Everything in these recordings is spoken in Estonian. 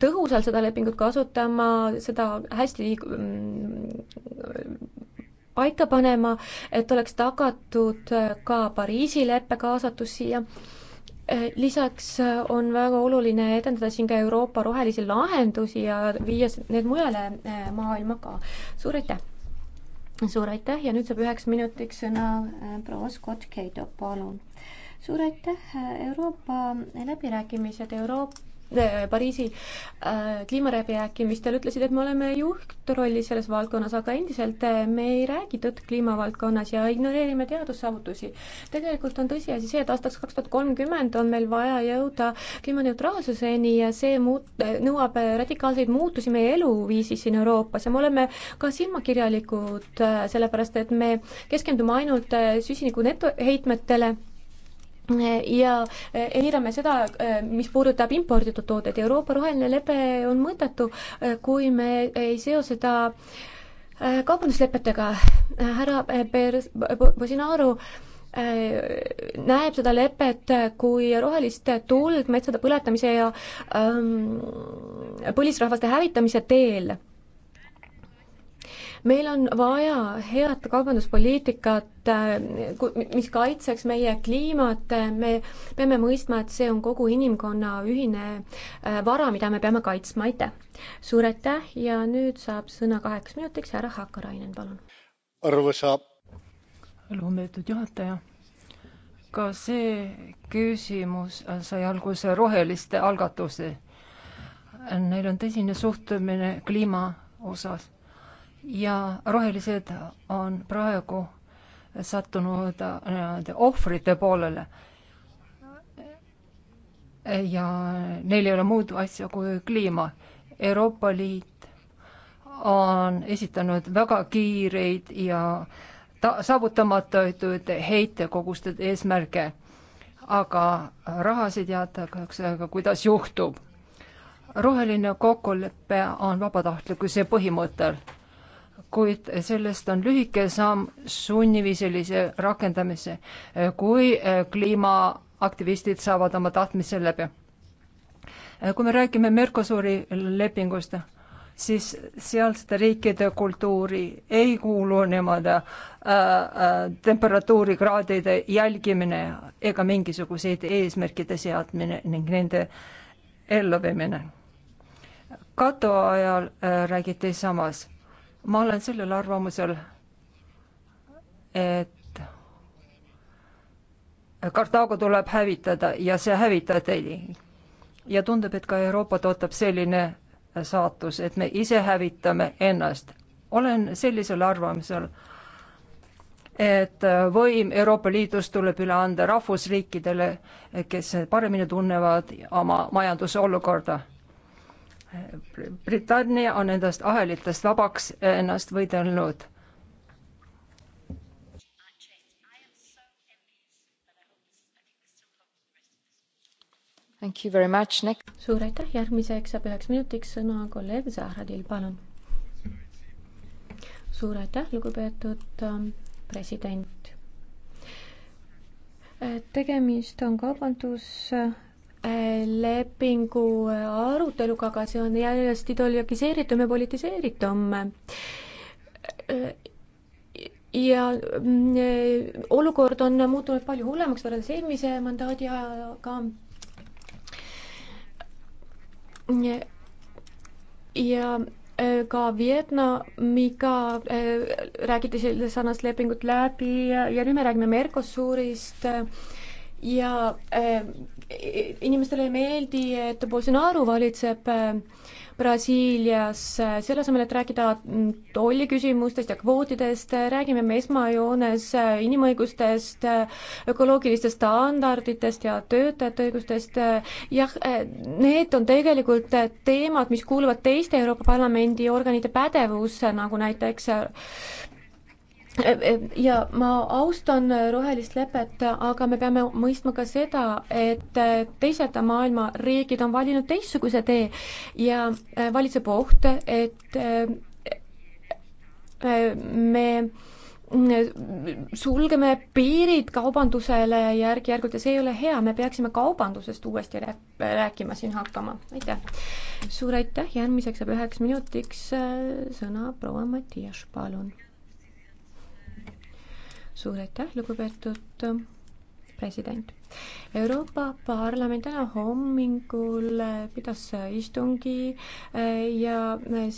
tõhusalt seda lepingut kasutama, seda hästi mm, paika panema, et oleks tagatud äh, ka Pariisi leppe kaasatus siia äh, lisaks äh, on väga oluline edendada siin ka Euroopa rohelisi lahendusi ja viia need mujale maailma ka. suur aitäh! suur aitäh ja nüüd saab üheks minutiks sõna proua Scott Cato, palun. suur aitäh, Euroopa läbirääkimised, Euroopa Äh, Pariisi äh, kliimaläbirääkimistel ütlesid, et me oleme juhtrollis selles valdkonnas, aga endiselt äh, me ei räägi tõtt kliimavaldkonnas ja ignoreerime teadussaavutusi. tegelikult on tõsiasi see, et aastaks kaks tuhat kolmkümmend on meil vaja jõuda kliimaneutraalsuseni ja see muut-, nõuab radikaalseid muutusi meie eluviisis siin Euroopas ja me oleme ka silmakirjalikud, äh, sellepärast et me keskendume ainult süsiniku netoheitmetele ja äh, eirame seda, äh, mis puudutab imporditud tooteid. Euroopa roheline lepe on mõttetu, äh, kui me ei seo seda kaubanduslepetega. härra Per-, Bolsonaro näeb seda lepet kui rohelist tuld metsade põletamise ja ähm, põlisrahvaste hävitamise teel meil on vaja head kaubanduspoliitikat, äh, mis kaitseks meie kliimat, me peame mõistma, et see on kogu inimkonna ühine äh, vara, mida me peame kaitsma, aitäh! suur aitäh ja nüüd saab sõna kaheks minutiks härra Hakkarainen, palun. arvasa. lugupeetud juhataja ka see küsimus sai alguse roheliste algatuse. Neil on tõsine suhtumine kliima osas ja rohelised on praegu sattunud äh, nii-öelda ohvrite poolele. ja neil ei ole muud asja kui kliima. Euroopa Liit on esitanud väga kiireid ja ta-, saavutamatuid heitekoguste eesmärke, aga rahasid jäetakse, aga kuidas juhtub? roheline kokkulepe on vabatahtlikkuse põhimõttel kuid sellest on lühike samm sunniviisilise rakendamise, kui eh, kliimaaktivistid saavad oma tahtmise läbi. Eh, kui me räägime Mercosuri lepingust, siis sealsete riikide kultuuri ei kuulu niimoodi äh, eh, temperatuurikraadide jälgimine ega mingisuguseid eesmärkide seadmine ning nende elluviimine. Kato ajal äh, räägiti samas ma olen sellel arvamusel, et Kartaago tuleb hävitada ja see hävitati. ja tundub, et ka Euroopat ootab selline saatus, et me ise hävitame ennast. olen sellisel arvamusel, et võim Euroopa Liidus tuleb üle anda rahvusriikidele, kes paremini tunnevad oma majanduse olukorda Britannia on nendest ahelitest vabaks ennast võidelnud. suur aitäh, järgmiseks saab üheks minutiks sõna kolleeg Zahradil, palun. suur aitäh, lugupeetud ähm, president. Äh, tegemist on kaubandus lepingu aruteluga, aga see on järjest ideologiseeritum ja politiseeritum. ja mm, olukord on muutunud palju hullemaks võrreldes eelmise mandaadi ajaga. ja äh, ka Vietnamiga äh, räägiti sellest sarnast lepingut läbi ja nüüd me räägime Mercosurist ja äh, inimestele ei meeldi, et Bolsonaro valitseb äh, Brasiilias, selle asemel, et rääkida mm, tolliküsimustest ja kvootidest, räägime me esmajoones äh, inimõigustest, äh, ökoloogilistest standarditest ja töötajate õigustest. jah, äh, need on tegelikult teemad, mis kuuluvad teiste Euroopa Parlamendi organite pädevusse, nagu näiteks Äh, äh, ja ma austan äh, rohelist lepet, aga me peame mõistma ka seda, et teised maailma riigid on valinud teistsuguse tee ja valitseb oht, et me sulgeme piirid kaubandusele järk-järgult ja see ei ole hea, me peaksime kaubandusest uuesti rääkima siin hakkama, aitäh. suur aitäh, järgmiseks saab üheks minutiks sõna proua Matias, palun suur aitäh, lugupeetud äh, president. Euroopa Parlament täna hommikul äh, pidas äh, istungi ja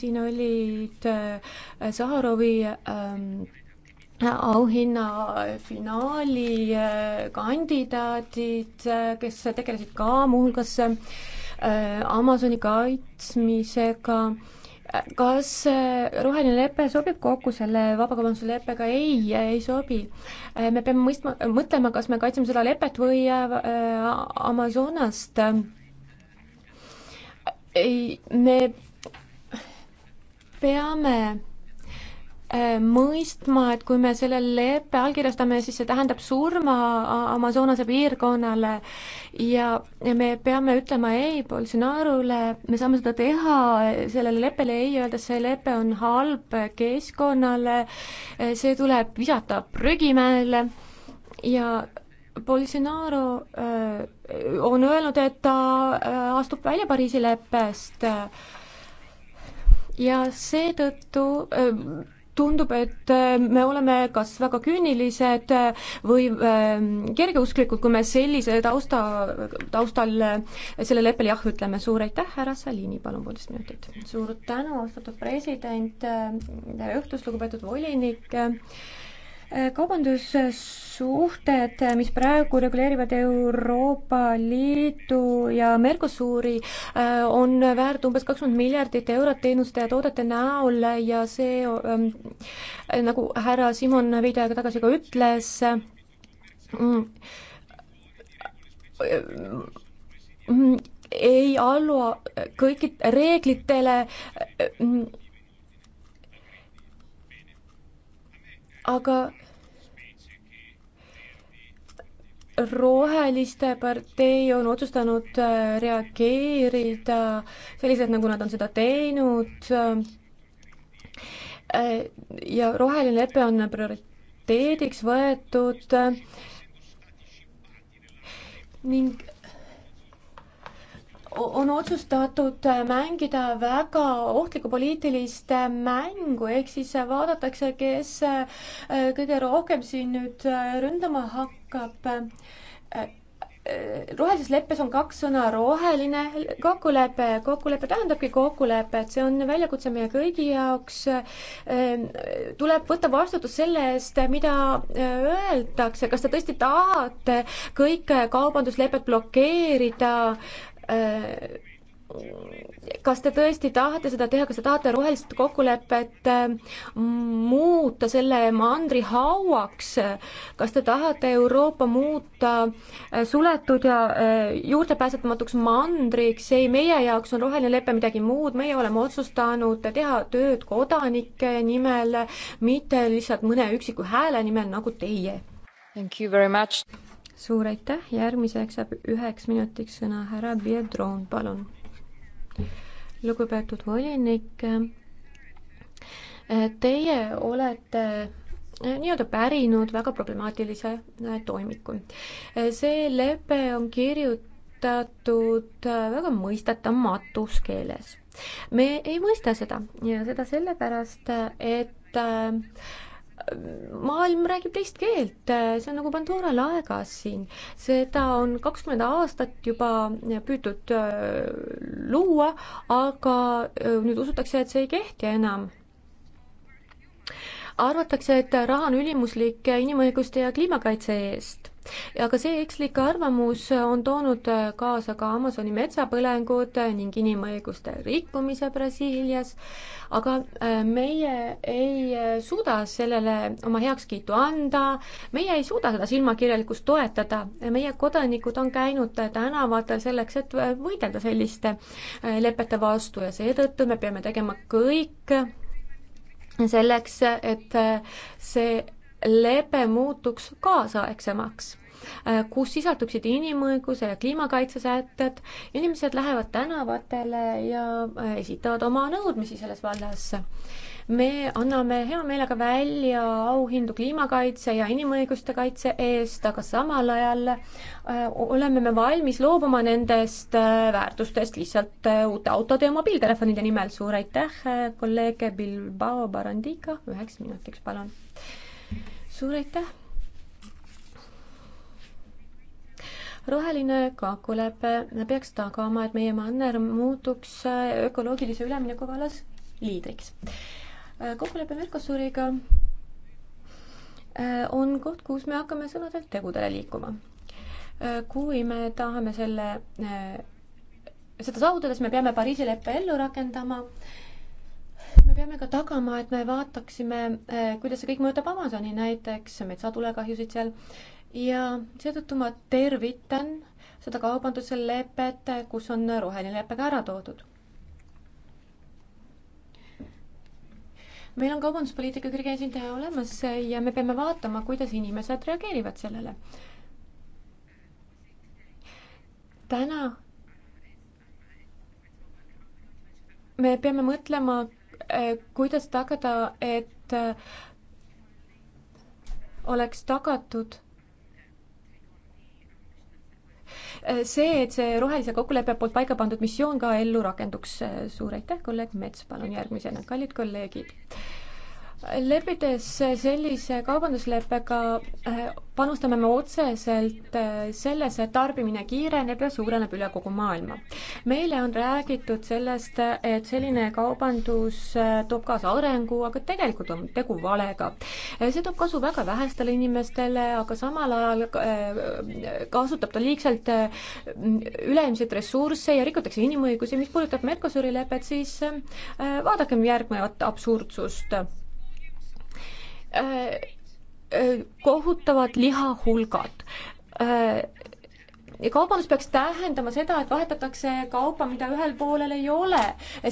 siin olid Saharovi ähm, auhinna finaali kandidaadid, kes tegelesid ka muuhulgas Amazoni kaitsmisega ka kas äh, roheline lepe sobib kokku selle vabakaubanduse leppega? ei, äh, ei sobi. Äh, me peame mõistma, mõtlema, kas me kaitseme seda lepet või Amazonast. ei, me peame Äh, mõistma, et kui me selle leppe allkirjastame, siis see tähendab surma Amazonase piirkonnale ja, ja me peame ütlema ei Bolsonaro'le, me saame seda teha, sellele leppele ei öelda, see lepe on halb keskkonnale, see tuleb visata prügimäele ja Bolsonaro öö, äh, on öelnud, et ta öö, äh, astub välja Pariisi leppest ja seetõttu tundub, et äh, me oleme kas väga küünilised äh, või ähm, kergeusklikud, kui me sellise tausta, taustal äh, sellele leppele jah ütleme. suur aitäh, härra Salini, palun poolteist minutit. suur tänu, austatud president, tere õhtust, lugupeetud volinik Äh, kaubandussuhted, äh, mis praegu reguleerivad Euroopa Liidu ja Mercosuri, äh, on väärt umbes kakskümmend miljardit eurot teenuste ja toodete näol ja see, ähm, nagu härra Simon veidi aega tagasi ka ütles, mm, mm, ei allu kõiki reeglitele mm, aga roheliste partei on otsustanud äh, reageerida selliselt, nagu nad on seda teinud. Äh, ja roheline lepe on prioriteediks võetud äh, ning on otsustatud äh, mängida väga ohtlikku poliitilist äh, mängu, ehk siis äh, vaadatakse, kes kõige rohkem siin nüüd ründama hakkab. rohelises leppes on kaks sõna, roheline kokkulepe, kokkulepe tähendabki kokkulepet, see on väljakutse meie kõigi jaoks. Ähm, tuleb võtta vastutus selle eest, mida öeldakse, kas te tõesti tahate kõik kaubanduslepet blokeerida Äh, kas te tõesti tahate seda teha, kas te tahate rohelist kokkulepet äh, muuta selle mandri hauaks, kas te tahate Euroopa muuta äh, suletud ja juurdepääsetamatuks mandriks, ei, meie jaoks on roheline lepe midagi muud, meie oleme otsustanud teha tööd kodanike nimel, mitte lihtsalt mõne üksiku hääle nimel, nagu teie suur aitäh, järgmiseks saab üheks minutiks sõna härra Biedron, palun. lugupeetud volinik, teie olete eh, nii-öelda pärinud väga problemaatilise eh, toimiku. Eh, see lepe on kirjutatud väga mõistetamatus keeles. me ei mõista seda ja seda sellepärast, et maailm räägib teist keelt, see on nagu Pandora laegas siin. seda on kakskümmend aastat juba püütud äh, luua, aga äh, nüüd usutakse, et see ei kehti enam arvatakse, et raha on ülimuslik inimõiguste ja kliimakaitse eest ja ka see ekslik arvamus on toonud kaasa ka Amazoni metsapõlengud ning inimõiguste rikkumise Brasiilias, aga äh, meie ei äh, suuda sellele oma heakskiitu anda, meie ei suuda seda silmakirjalikkust toetada, meie kodanikud on käinud tänavatel selleks, et äh, võidelda selliste lepete vastu ja seetõttu me peame tegema kõik selleks, et see lepe muutuks kaasaegsemaks, äh, kus sisalduksid inimõiguse ja kliimakaitse sätted, inimesed lähevad tänavatele ja äh, esitavad oma nõudmisi selles vallas. me anname hea meelega välja auhindu kliimakaitse ja inimõiguste kaitse eest, aga samal ajal äh, oleme me valmis loobuma nendest väärtustest lihtsalt uute autode ja mobiiltelefonide nimel. suur aitäh, kolleeg Bilbao Barandiga, üheks minutiks, palun suur aitäh! roheline kokkulepe peaks tagama, et meie manner muutuks ökoloogilise ülemineku vallas liidriks. kokkulepe Mercosuriga äh, on koht, kus me hakkame sõnadelt tegudele liikuma. Äh, kui me tahame selle, äh, seda saavutada, siis me peame Pariisi leppe ellu rakendama me peame ka tagama, et me vaataksime, eh, kuidas see kõik mõjutab Amazoni näiteks, metsatulekahjusid seal ja seetõttu ma tervitan seda kaubanduse lepet, kus on roheline lepe ka ära toodud. meil on kaubanduspoliitika kõrge esindaja olemas ja me peame vaatama, kuidas inimesed reageerivad sellele. täna me peame mõtlema Äh, kuidas tagada, et äh, oleks tagatud äh, see, et see rohelise kokkuleppe poolt paika pandud missioon ka ellu rakenduks. suur aitäh, kolleeg Mets, palun järgmisena, kallid kolleegid lepides sellise kaubandusleppega äh, panustame me otseselt äh, sellesse, et tarbimine kiireneb ja suureneb üle kogu maailma. meile on räägitud sellest, et selline kaubandus äh, toob kaasa arengu, aga tegelikult on tegu valega. see toob kasu väga vähestele inimestele, aga samal ajal kasutab ta liigselt üleilmseid ressursse ja rikutakse inimõigusi, mis puudutab Mercosuri lepet, siis vaadakem järgnevat absurdsust Äh, äh, kohutavad lihahulgad äh, kaubandus peaks tähendama seda, et vahetatakse kaupa, mida ühel poolel ei ole.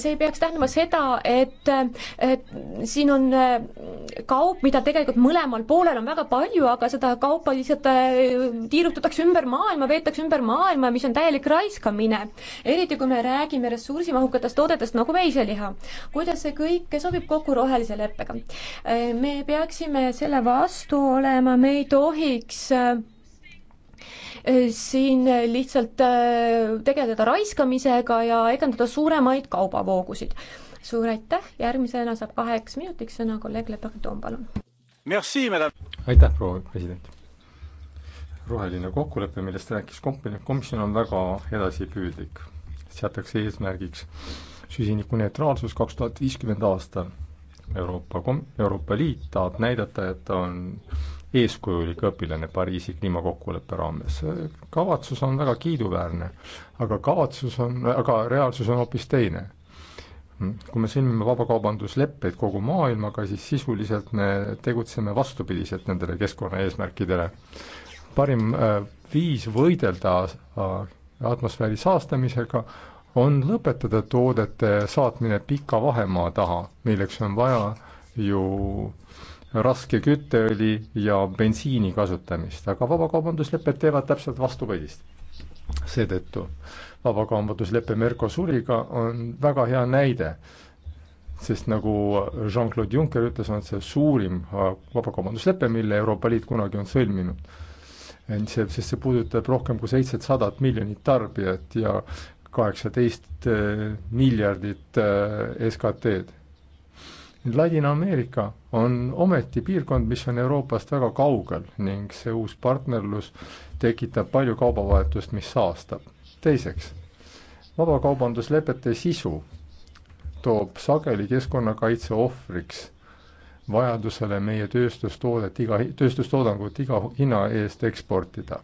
see ei peaks tähendama seda, et, et siin on äh, kaup, mida tegelikult mõlemal poolel on väga palju, aga seda kaupa lihtsalt äh, tiirutatakse ümber maailma, veetakse ümber maailma, mis on täielik raiskamine. eriti, kui me räägime ressursimahukatest toodetest nagu veiseliha. kuidas see kõik sobib kokku rohelise leppega? Äh, me peaksime selle vastu olema, me ei tohiks siin lihtsalt äh, tegeleda raiskamisega ja edendada suuremaid kaubavoogusid. suur aitäh, järgmisena saab kaheks minutiks sõna kolleeg Le Breton, palun. aitäh, proua president. roheline kokkulepe, millest rääkis komisjon, on väga edasipüüdlik. seatakse eesmärgiks süsinikuneutraalsus kaks tuhat viiskümmend aastal Euroopa kom-, Euroopa Liit tahab näidata, et ta on eeskujulik õpilane Pariisi kliimakokkuleppe raames. kavatsus on väga kiiduväärne, aga kavatsus on, aga reaalsus on hoopis teine. kui me sõlmime vabakaubandusleppeid kogu maailmaga, siis sisuliselt me tegutseme vastupidiselt nendele keskkonnaeesmärkidele. parim äh, viis võidelda äh, atmosfääri saastamisega on lõpetada toodete saatmine pika vahemaa taha, milleks on vaja ju äh, raske kütteõli ja bensiini kasutamist, aga vabakaubanduslepped teevad täpselt vastupidist. seetõttu vabakaubanduslepe Mercosuriga on väga hea näide, sest nagu Jean-Claude Juncker ütles, on see suurim äh, vabakaubanduslepe, mille Euroopa Liit kunagi on sõlminud. see, sest see puudutab rohkem kui seitsesadat miljonit tarbijat ja kaheksateist äh, miljardit äh, SKT-d Ladina-Ameerika on ometi piirkond, mis on Euroopast väga kaugel ning see uus partnerlus tekitab palju kaubavahetust, mis saastab. teiseks, vabakaubanduslepete sisu toob sageli keskkonnakaitse ohvriks vajadusele meie tööstustoodet iga, tööstustoodangut iga hinna eest eksportida.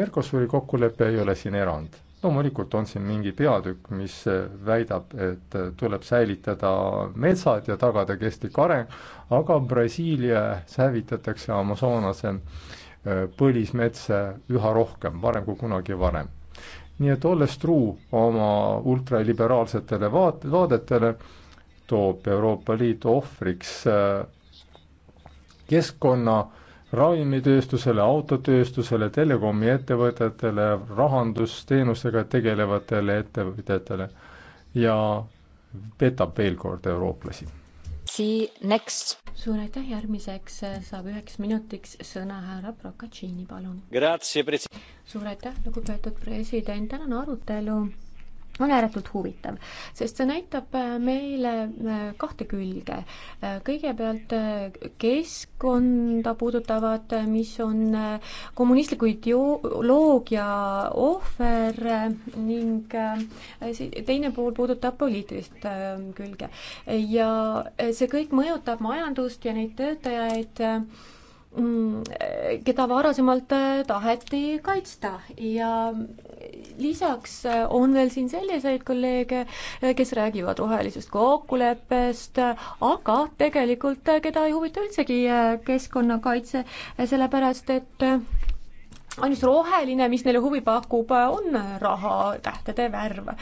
Mercosuri kokkulepe ei ole siin erand loomulikult on siin mingi peatükk, mis väidab, et tuleb säilitada metsad ja tagada kestlik areng, aga Brasiilias hävitatakse Amazonase äh, põlismetsa üha rohkem, varem kui kunagi varem. nii et olles truu oma ultraliberaalsetele vaat-, vaadetele, toob Euroopa Liit ohvriks äh, keskkonna ravimitööstusele, autotööstusele, telekomi ettevõtetele, rahandusteenustega tegelevatele ettevõtetele ja petab veel kord eurooplasi. suur aitäh, järgmiseks saab üheks minutiks sõna härra Procaccini, palun. suur aitäh, lugupeetud president, tänane arutelu on ääretult huvitav, sest see näitab äh, meile äh, kahte külge. Äh, kõigepealt keskkonda puudutavad, mis on kommunistliku ideoloogia ohver ning teine pool puudutab poliitilist külge. ja see kõik mõjutab majandust ja neid töötajaid Mm, keda varasemalt äh, taheti kaitsta ja lisaks äh, on veel siin selliseid kolleege, äh, kes räägivad rohelisest kokkuleppest, aga tegelikult keda ei huvita üldsegi keskkonnakaitse, sellepärast et ainus roheline, mis neile huvi pakub, on raha tähtede värv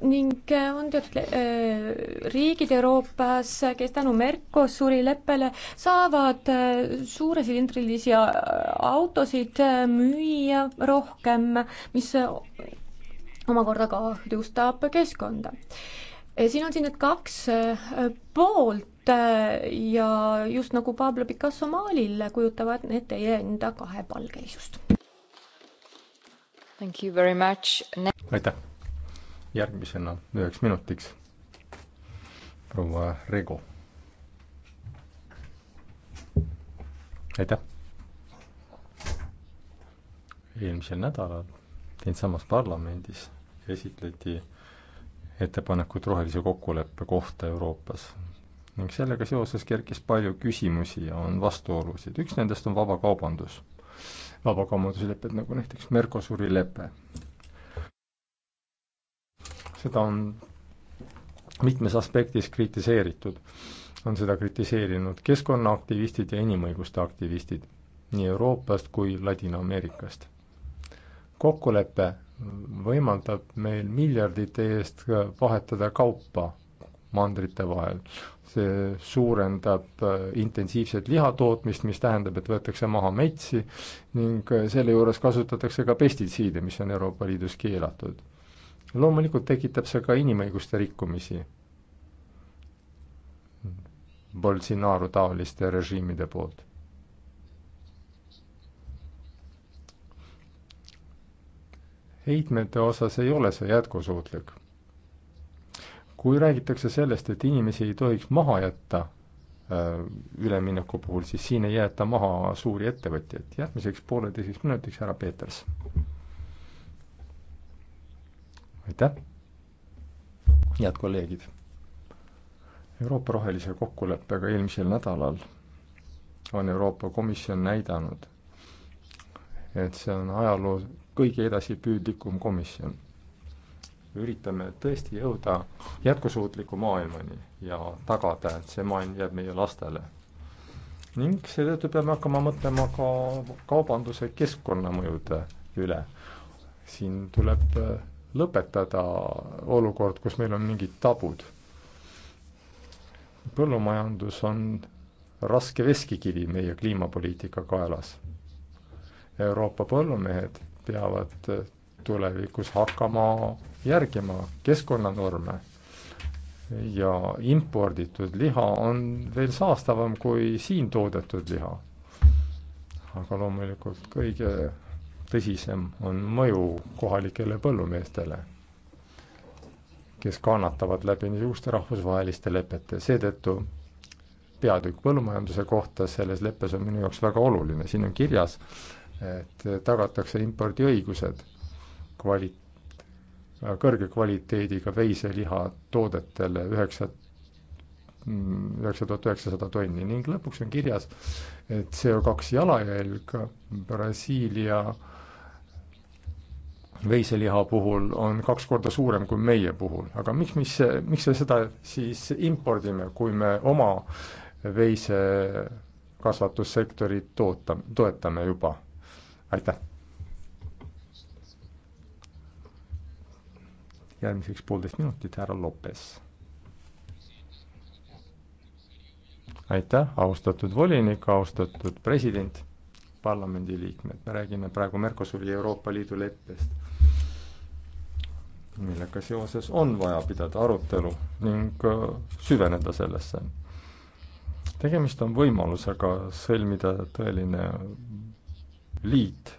ning äh, on teatud äh, riigid Euroopas, kes tänu Mercosuri leppele saavad äh, suuresilindrilisi autosid müüa rohkem, mis omakorda kahjustab keskkonda. siin on siin need kaks poolt ja just nagu Pablo Picasso maalil kujutavad need teie enda kahepalgelisust. aitäh! järgmisena üheks minutiks proua Rego. aitäh! eelmisel nädalal siinsamas parlamendis esitleti ettepanekut rohelise kokkuleppe kohta Euroopas ning sellega seoses kerkis palju küsimusi ja on vastuolusid. üks nendest on vabakaubandus, vabakaubanduslepped nagu näiteks Mercosuri lepe seda on mitmes aspektis kritiseeritud, on seda kritiseerinud keskkonnaaktivistid ja inimõiguste aktivistid nii Euroopast kui Ladina-Ameerikast. kokkulepe võimaldab meil miljardite eest vahetada kaupa mandrite vahel. see suurendab äh, intensiivset lihatootmist, mis tähendab, et võetakse maha metsi ning äh, selle juures kasutatakse ka pestitsiide, mis on Euroopa Liidus keelatud loomulikult tekitab see ka inimõiguste rikkumisi Bolsonaro taoliste režiimide poolt. heitmete osas ei ole see jätkusuutlik. kui räägitakse sellest, et inimesi ei tohiks maha jätta äh, ülemineku puhul, siis siin ei jäeta maha suuri ettevõtjaid. järgmiseks pooleteiseks minutiks härra Peeters aitäh! head kolleegid! Euroopa rohelise kokkuleppega eelmisel nädalal on Euroopa Komisjon näidanud, et see on ajaloo kõige edasipüüdlikum komisjon. üritame tõesti jõuda jätkusuutliku maailmani ja tagada, et see maailm jääb meie lastele. ning seetõttu peame hakkama mõtlema ka kaubanduse keskkonnamõjude üle. siin tuleb lõpetada olukord, kus meil on mingid tabud. põllumajandus on raske veskikivi meie kliimapoliitika kaelas. Euroopa põllumehed peavad tulevikus hakkama järgima keskkonnanorme ja imporditud liha on veel saastavam kui siin toodetud liha. aga loomulikult kõige tõsisem on mõju kohalikele põllumeestele, kes kannatavad läbi niisuguste rahvusvaheliste lepete. seetõttu peatükk põllumajanduse kohta selles leppes on minu jaoks väga oluline, siin on kirjas, et tagatakse impordiõigused kvali-, kõrge kvaliteediga veiseliha toodetele üheksa, üheksa tuhat üheksasada tonni ning lõpuks on kirjas, et CO2 jalajälg Brasiilia äh, veiseliha puhul on kaks korda suurem kui meie puhul, aga miks, mis, miks me seda siis impordime, kui me oma veisekasvatussektorit toota, toetame juba? aitäh! järgmiseks poolteist minutit, härra Lopes. aitäh, austatud volinik, austatud president, parlamendiliikmed, me räägime praegu Mercosuri ja Euroopa Liidu leppest millega seoses on vaja pidada arutelu ning äh, süveneda sellesse. tegemist on võimalusega sõlmida tõeline liit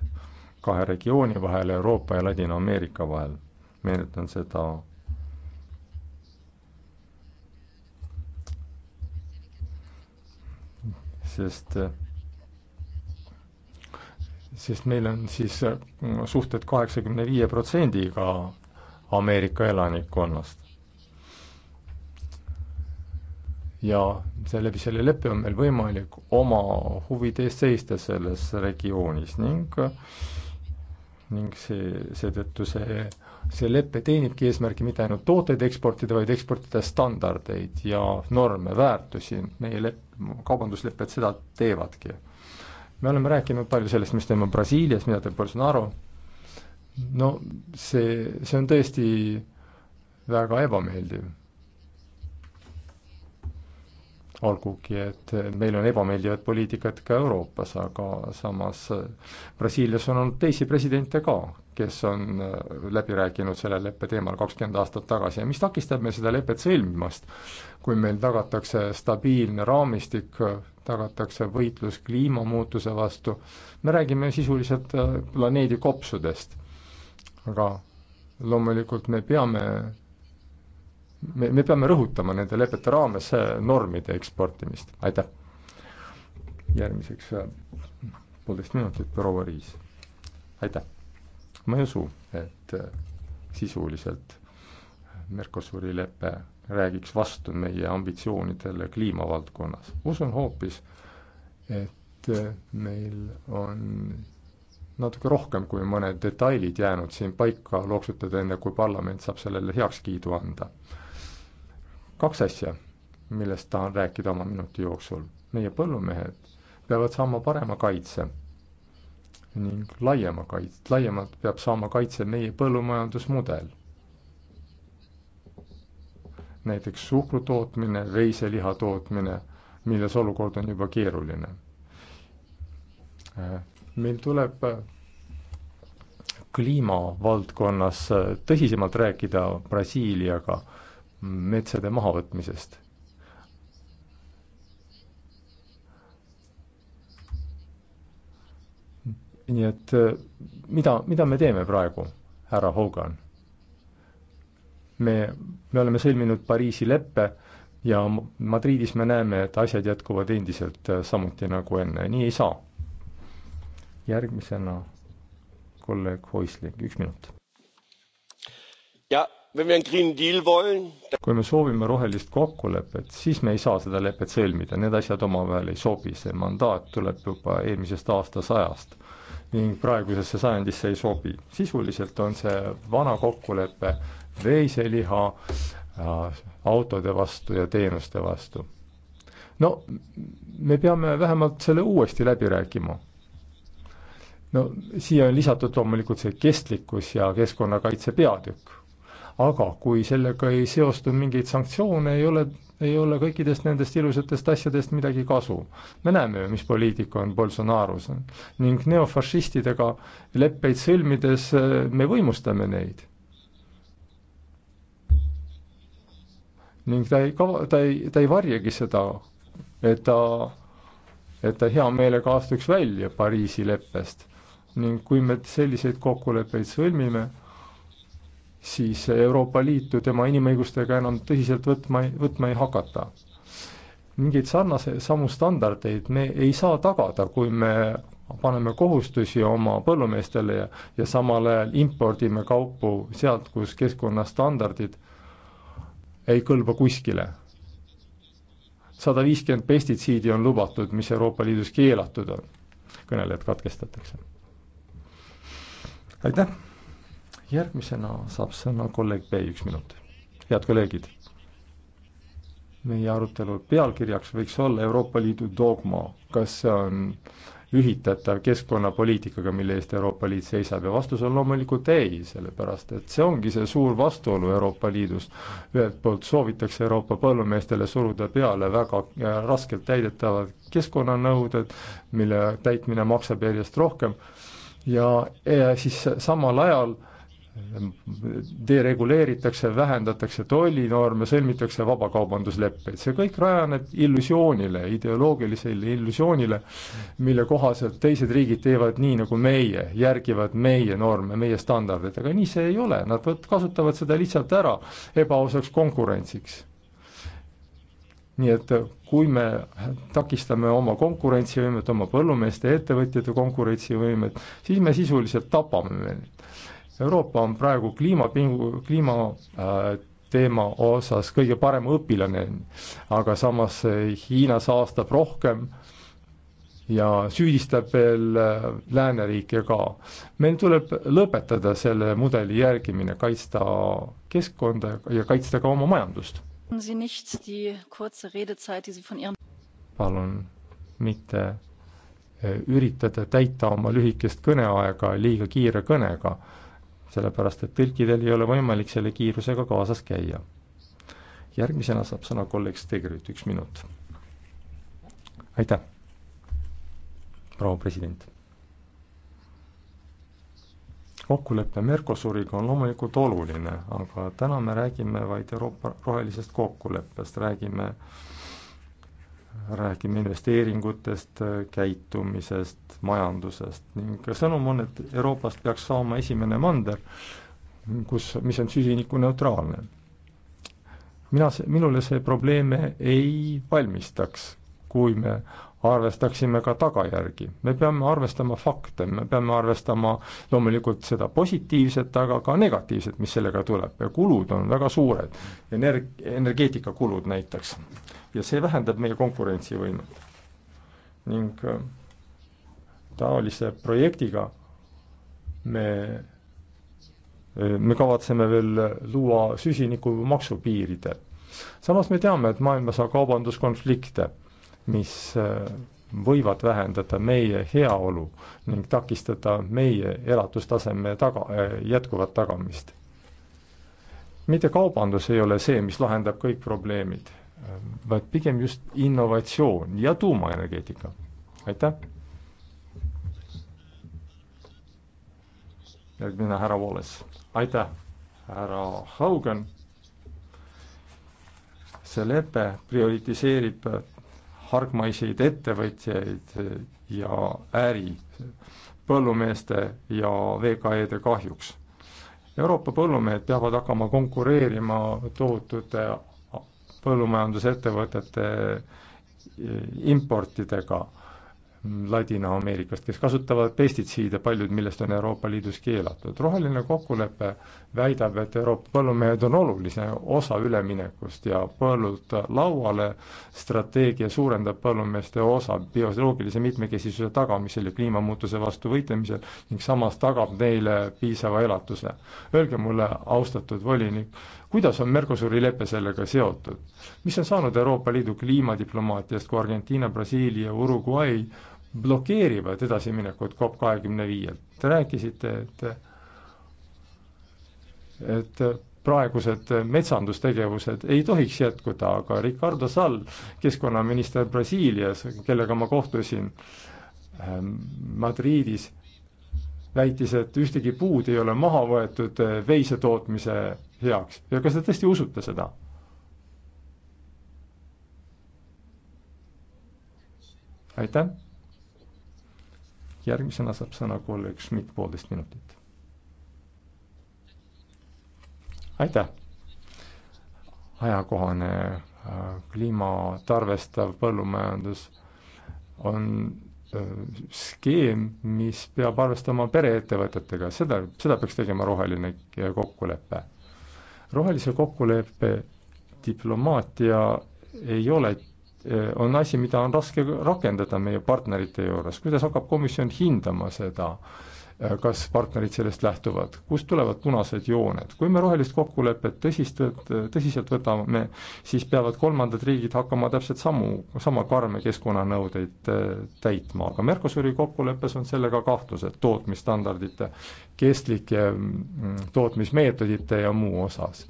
kahe regiooni vahel, Euroopa ja Ladina-Ameerika vahel. meenutan seda sest sest meil on siis suhted kaheksakümne viie protsendiga Ameerika elanikkonnast. ja seeläbi selle leppe on meil võimalik oma huvide eest seista selles regioonis ning ning see, seetõttu see, see lepe teenibki eesmärki mitte ainult tooteid eksportida, vaid eksportida standardeid ja norme, väärtusi, meie lep-, kaubanduslepped seda teevadki. me oleme rääkinud palju sellest, mis toimub Brasiilias, mida teeb Bolsonaro, no see, see on tõesti väga ebameeldiv. olgugi, et meil on ebameeldivat poliitikat ka Euroopas, aga samas Brasiilias on olnud teisi presidente ka, kes on läbi rääkinud selle leppe teemal kakskümmend aastat tagasi ja mis takistab meil seda lepet sõlmimast, kui meil tagatakse stabiilne raamistik, tagatakse võitlus kliimamuutuse vastu, me räägime sisuliselt planeedi kopsudest aga loomulikult me peame, me, me peame rõhutama nende lepete raames äh, normide eksportimist, aitäh. järgmiseks äh, poolteist minutit, proua Riis. aitäh. ma ei usu, et äh, sisuliselt Mercosuri lepe räägiks vastu meie ambitsioonidele kliimavaldkonnas. usun hoopis, et meil on natuke rohkem kui mõned detailid jäänud siin paika loksutada, enne kui parlament saab sellele heakskiidu anda. kaks asja, millest tahan rääkida oma minuti jooksul. meie põllumehed peavad saama parema kaitse ning laiema kaits-, laiemalt peab saama kaitse meie põllumajandusmudel. näiteks suhkru tootmine, veiseliha tootmine, milles olukord on juba keeruline äh, meil tuleb äh, kliimavaldkonnas äh, tõsisemalt rääkida Brasiiliaga metsade mahavõtmisest. nii et äh, mida, mida me teeme praegu, härra Hogan? me, me oleme sõlminud Pariisi leppe ja Madridis me näeme, et asjad jätkuvad endiselt samuti nagu enne, nii ei saa järgmisena kolleeg Häusling, üks minut. kui me soovime rohelist kokkulepet, siis me ei saa seda lepet sõlmida, need asjad omavahel ei sobi, see mandaat tuleb juba eelmisest aastasajast ning praegusesse sajandisse ei sobi. sisuliselt on see vana kokkulepe veiseliha äh, autode vastu ja teenuste vastu. no me peame vähemalt selle uuesti läbi rääkima no siia on lisatud loomulikult see kestlikkus ja keskkonnakaitse peatükk. aga kui sellega ei seostu mingeid sanktsioone, ei ole, ei ole kõikidest nendest ilusatest asjadest midagi kasu. me näeme ju, mis poliitika on Bolsonaros ning neofašistidega leppeid sõlmides eh, me võimustame neid ning ta ei kava, ta ei, ta ei varjagi seda, et ta, et ta hea meelega astuks välja Pariisi leppest ning kui me selliseid kokkuleppeid sõlmime, siis Euroopa Liitu tema inimõigustega enam tõsiselt võtma, võtma ei hakata. mingeid sarnase, samu standardeid me ei saa tagada, kui me paneme kohustusi oma põllumeestele ja, ja samal ajal impordime kaupu sealt, kus keskkonnastandardid ei kõlba kuskile. sada viiskümmend pestitsiidi on lubatud, mis Euroopa Liidus keelatud on. kõnelejad katkestatakse aitäh! järgmisena saab sõna kolleeg B, üks minut. head kolleegid, meie arutelu pealkirjaks võiks olla Euroopa Liidu dogma, kas see on ühitatav keskkonnapoliitikaga, mille eest Euroopa Liit seisab ja vastus on loomulikult ei, sellepärast et see ongi see suur vastuolu Euroopa Liidus. ühelt poolt soovitakse Euroopa põllumeestele suruda peale väga äh, raskelt täidetavad keskkonnanõuded, mille täitmine maksab järjest rohkem ja siis samal ajal dereguleeritakse, vähendatakse tollinorme, sõlmitakse vabakaubandusleppeid, see kõik rajaneb illusioonile, ideoloogilisele illusioonile, mille kohaselt teised riigid teevad nii, nagu meie, järgivad meie norme, meie standardeid, aga nii see ei ole, nad võt-, kasutavad seda lihtsalt ära ebaosaks konkurentsiks nii et äh, kui me takistame oma konkurentsivõimet, oma põllumeeste ja ettevõtjate konkurentsivõimet, siis me sisuliselt tapame neid. Euroopa on praegu kliimapingu, kliima äh, teema osas kõige parem õpilane, aga samas äh, Hiina saastab rohkem ja süüdistab veel äh, lääneriike ka. meil tuleb lõpetada selle mudeli järgimine, kaitsta keskkonda ja kaitsta ka oma majandust palun mitte äh, üritada täita oma lühikest kõneaega liiga kiire kõnega, sellepärast et tõlkidel ei ole võimalik selle kiirusega kaasas käia. järgmisena saab sõna kolleeg Stegrit, üks minut. aitäh, proua president kokkulepe Mercosuriga on loomulikult oluline, aga täna me räägime vaid Euroopa rohelisest kokkuleppest, räägime, räägime investeeringutest, käitumisest, majandusest ning sõnum on, et Euroopast peaks saama esimene mander, kus, mis on süsinikuneutraalne. mina, minule see probleeme ei valmistaks, kui me arvestaksime ka tagajärgi. me peame arvestama fakte, me peame arvestama loomulikult seda positiivset, aga ka negatiivset, mis sellega tuleb ja kulud on väga suured. Energ-, energeetikakulud näiteks. ja see vähendab meie konkurentsivõimet. ning äh, taolise projektiga me äh, me kavatseme veel luua süsinikumaksu piiride. samas me teame, et maailmas on kaubanduskonflikte mis äh, võivad vähendada meie heaolu ning takistada meie elatustaseme taga, äh, jätkuvat tagamist. mitte kaubandus ei ole see, mis lahendab kõik probleemid, vaid pigem just innovatsioon ja tuumaenergeetika. aitäh! järgmine härra Wallace. aitäh, härra Haugen! see lepe prioritiseerib hargmaiseid ettevõtjaid ja äri põllumeeste ja VKE-de kahjuks. Euroopa põllumehed peavad hakkama konkureerima tohutute põllumajandusettevõtete importidega Ladina-Ameerikast, kes kasutavad pestitsiide, paljud millest on Euroopa Liidus keelatud. roheline kokkulepe väidab, et Euroopa põllumehed on oluline osa üleminekust ja põllult lauale strateegia suurendab põllumeeste osa bioloogilise mitmekesisuse tagamisel ja kliimamuutuse vastu võitlemisel ning samas tagab neile piisava elatuse. Öelge mulle, austatud volinik, kuidas on Mercosuri lepe sellega seotud? mis on saanud Euroopa Liidu kliimadiplomaatiast, kui Argentiina, Brasiilia, Uruguay blokeerivad edasiminekut COP kahekümne viielt. Te rääkisite, et et praegused metsandustegevused ei tohiks jätkuda, aga Ricardo Sall, keskkonnaminister Brasiilias, kellega ma kohtusin ähm, Madridis, väitis, et ühtegi puud ei ole maha võetud äh, veisetootmise heaks ja kas te tõesti usute seda? aitäh! järgmisena saab sõna kolleeg Schmidt poolteist minutit. aitäh! ajakohane äh, kliimat arvestav põllumajandus on äh, skeem, mis peab arvestama pereettevõtetega, seda, seda peaks tegema roheline kokkulepe. rohelise kokkuleppe diplomaatia ei ole Äh, on asi, mida on raske rakendada meie partnerite juures, kuidas hakkab komisjon hindama seda, äh, kas partnerid sellest lähtuvad, kust tulevad punased jooned, kui me rohelist kokkulepet tõsist, tõsiselt võtame, siis peavad kolmandad riigid hakkama täpselt samu, sama karme keskkonnanõudeid äh, täitma, aga Mercosuri kokkuleppes on sellega kahtlused tootmisstandardite, kestlike mm, tootmismeetodite ja muu osas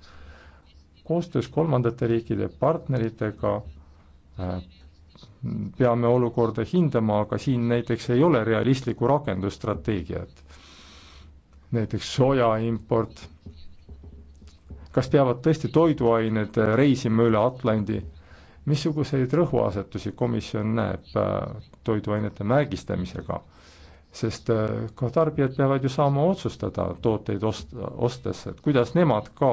koostöös kolmandate riikide partneritega peame olukorda hindama, aga siin näiteks ei ole realistlikku rakendusstrateegiat. näiteks soja import, kas peavad tõesti toiduained reisima üle Atlandi, missuguseid rõhuasetusi komisjon näeb äh, toiduainete märgistamisega? sest äh, ka tarbijad peavad ju saama otsustada tooteid ost-, ostes, et kuidas nemad ka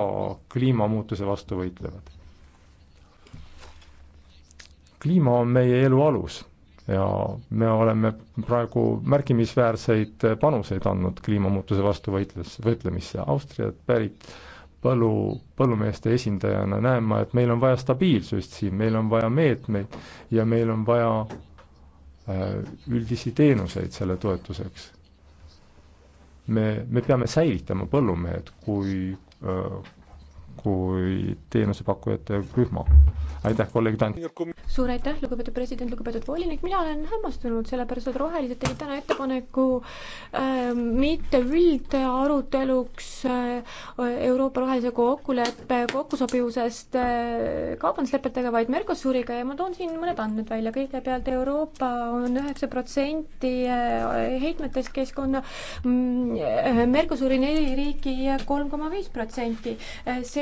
kliimamuutuse vastu võitlevad kliima on meie elu alus ja me oleme praegu märkimisväärseid panuseid andnud kliimamuutuse vastu võitles, võitlemisse. Austriat pärit põllu, põllumeeste esindajana näen ma, et meil on vaja stabiilsust siin, meil on vaja meetmeid ja meil on vaja äh, üldisi teenuseid selle toetuseks. me, me peame säilitama põllumehed kui, äh, kui teenusepakkujate rühma. aitäh, kolleeg Tant! suur aitäh, lugupeetud president, lugupeetud volinik, mina olen hämmastunud, sellepärast et rohelised tegid täna ettepaneku äh, mitte üldaruteluks äh, Euroopa rohelise kokkuleppe kokkusobivusest äh, kaubanduslepetega, vaid Mercosuriga ja ma toon siin mõned andmed välja, kõigepealt Euroopa on üheksa protsenti äh, heitmetest keskkonna, mm, äh, Mercosuri neli riiki kolm koma viis protsenti, äh, see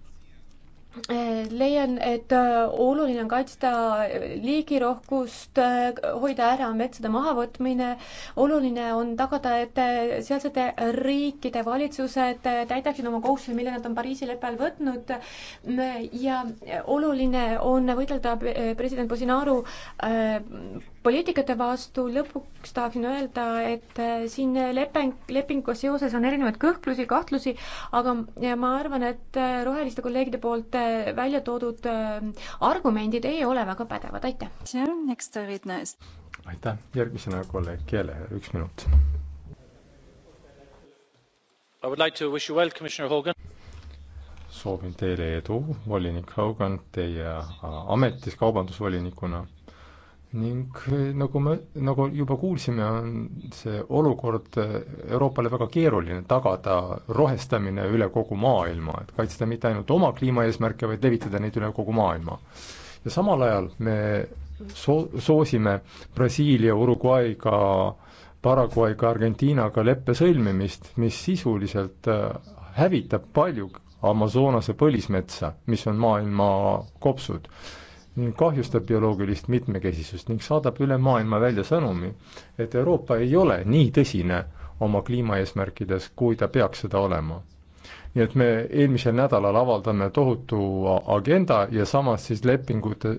Eh, leian, et äh, oluline on kaitsta liigirohkust, äh, hoida ära metsade mahavõtmine, oluline on tagada, et äh, sealsete riikide valitsused täidaksid oma kohustusi, mille nad on Pariisi leppe all võtnud ja oluline on võidelda president Bolsonaro poliitikate vastu, lõpuks tahaksin öelda, et äh, siin leping, lepinguga seoses on erinevaid kõhklusi, kahtlusi, aga ma arvan, et äh, roheliste kolleegide poolt äh, välja toodud argumendid ei ole väga pädevad, aitäh! aitäh, järgmisena kolleeg Keele, üks minut. Well, soovin teile edu, volinik Hogan, teie ametis kaubandusvolinikuna ning nagu me, nagu juba kuulsime, on see olukord Euroopale väga keeruline, tagada rohestamine üle kogu maailma, et kaitsta mitte ainult oma kliimaeesmärke, vaid levitada neid üle kogu maailma. ja samal ajal me so-, soosime Brasiilia, Uruguay'ga, Paraguay'ga, Argentiinaga leppe sõlmimist, mis sisuliselt äh, hävitab palju Amazonase põlismetsa, mis on maailma kopsud kahjustab bioloogilist mitmekesisust ning saadab üle maailma välja sõnumi, et Euroopa ei ole nii tõsine oma kliimaeesmärkides, kui ta peaks seda olema. nii et me eelmisel nädalal avaldame tohutu agenda ja samas siis lepingute,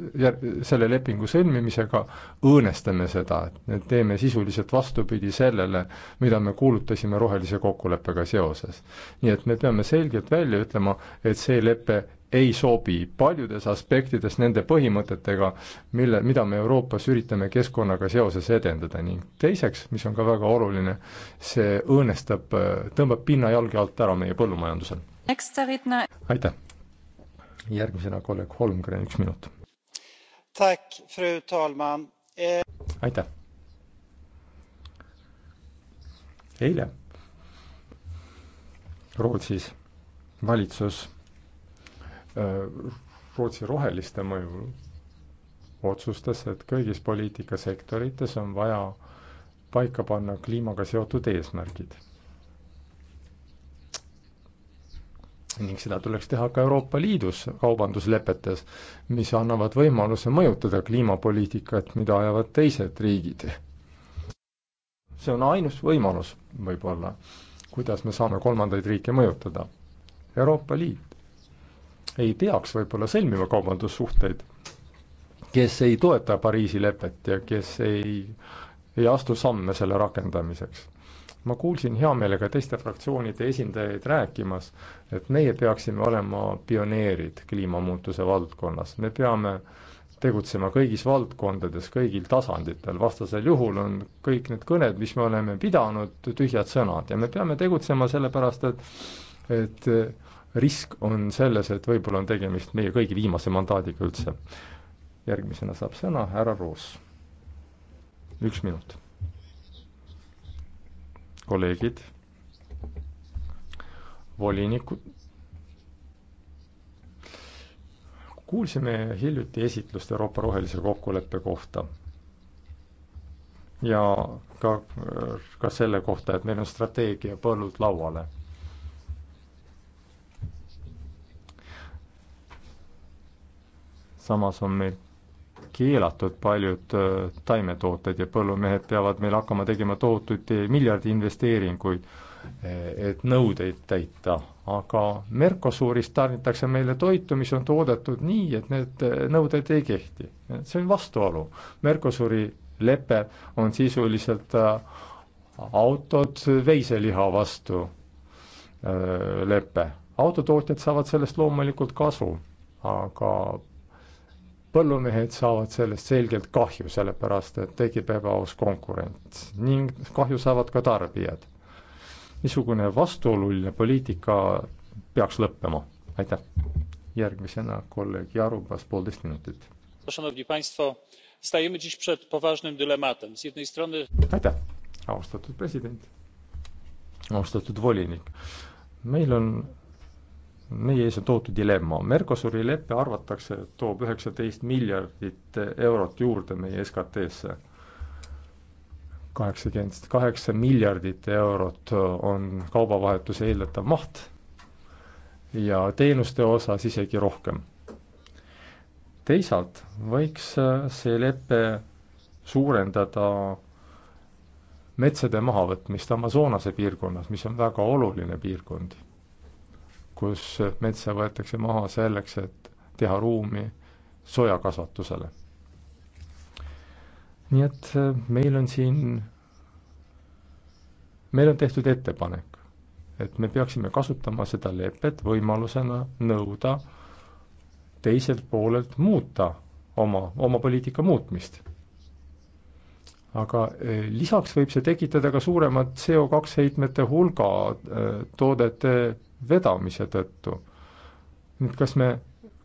selle lepingu sõlmimisega õõnestame seda, et teeme sisuliselt vastupidi sellele, mida me kuulutasime rohelise kokkuleppega seoses. nii et me peame selgelt välja ütlema, et see lepe ei sobi paljudes aspektides nende põhimõtetega, mille, mida me Euroopas üritame keskkonnaga seoses edendada ning teiseks, mis on ka väga oluline, see õõnestab, tõmbab pinna jalge alt ära meie põllumajandusel. aitäh! järgmisena kolleeg Holmgren, üks minut. aitäh! eile Rootsis valitsus Äh, Rootsi roheliste mõjul otsustas, et kõigis poliitikasektorites on vaja paika panna kliimaga seotud eesmärgid. ning seda tuleks teha ka Euroopa Liidus kaubanduslepetes, mis annavad võimaluse mõjutada kliimapoliitikat, mida ajavad teised riigid. see on ainus võimalus võib-olla, kuidas me saame kolmandaid riike mõjutada. Euroopa Liit ei peaks võib-olla sõlmima kaubandussuhteid, kes ei toeta Pariisi lepet ja kes ei, ei astu samme selle rakendamiseks. ma kuulsin hea meelega teiste fraktsioonide esindajaid rääkimas, et meie peaksime olema pioneerid kliimamuutuse valdkonnas, me peame tegutsema kõigis valdkondades, kõigil tasanditel, vastasel juhul on kõik need kõned, mis me oleme pidanud, tühjad sõnad ja me peame tegutsema sellepärast, et et risk on selles, et võib-olla on tegemist meie kõigi viimase mandaadiga üldse. järgmisena saab sõna härra Roos. üks minut. kolleegid, volinikud, kuulsime hiljuti esitlust Euroopa rohelise kokkuleppe kohta ja ka, ka selle kohta, et meil on strateegia põllult lauale samas on meil keelatud paljud äh, taimetooted ja põllumehed peavad meil hakkama tegema tohutuid miljardi investeeringuid, äh, et nõudeid täita. aga Mercosurist tarnitakse meile toitu, mis on toodetud nii, et need äh, nõuded ei kehti. see on vastuolu. Mercosuri lepe on sisuliselt autod veiseliha vastu lepe. autotootjad saavad sellest loomulikult kasu, aga põllumehed saavad sellest selgelt kahju, sellepärast et tekib ebaaus konkurents ning kahju saavad ka tarbijad. niisugune vastuoluline poliitika peaks lõppema, aitäh. järgmisena kolleeg Jarubas, poolteist minutit. aitäh, austatud president, austatud volinik. meil on meie ees on tohutu dilemma. Mercosuri lepe arvatakse, toob üheksateist miljardit eurot juurde meie SKT-sse. kaheksakümmend kaheksa miljardit eurot on kaubavahetuse eeldatav maht ja teenuste osas isegi rohkem. teisalt võiks see lepe suurendada metsade mahavõtmist Amazonase piirkonnas, mis on väga oluline piirkond kus metsa võetakse maha selleks, et teha ruumi sojakasvatusele. nii et äh, meil on siin, meil on tehtud ettepanek, et me peaksime kasutama seda lepet võimalusena nõuda teiselt poolelt muuta oma, oma poliitika muutmist. aga äh, lisaks võib see tekitada ka suuremat CO2 heitmete hulga äh, toodete vedamise tõttu. nüüd kas me,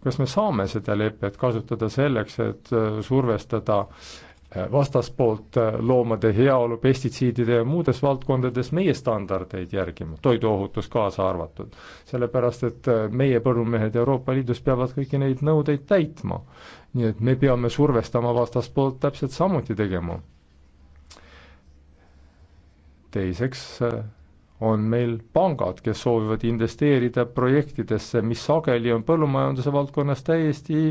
kas me saame seda lepet kasutada selleks, et äh, survestada äh, vastaspoolt äh, loomade heaolu pestitsiidide ja muudes valdkondades meie standardeid järgima, toiduohutus kaasa arvatud. sellepärast, et meie põllumehed Euroopa Liidus peavad kõiki neid nõudeid täitma. nii et me peame survestama vastaspoolt täpselt samuti tegema. teiseks on meil pangad, kes soovivad investeerida projektidesse, mis sageli on põllumajanduse valdkonnas täiesti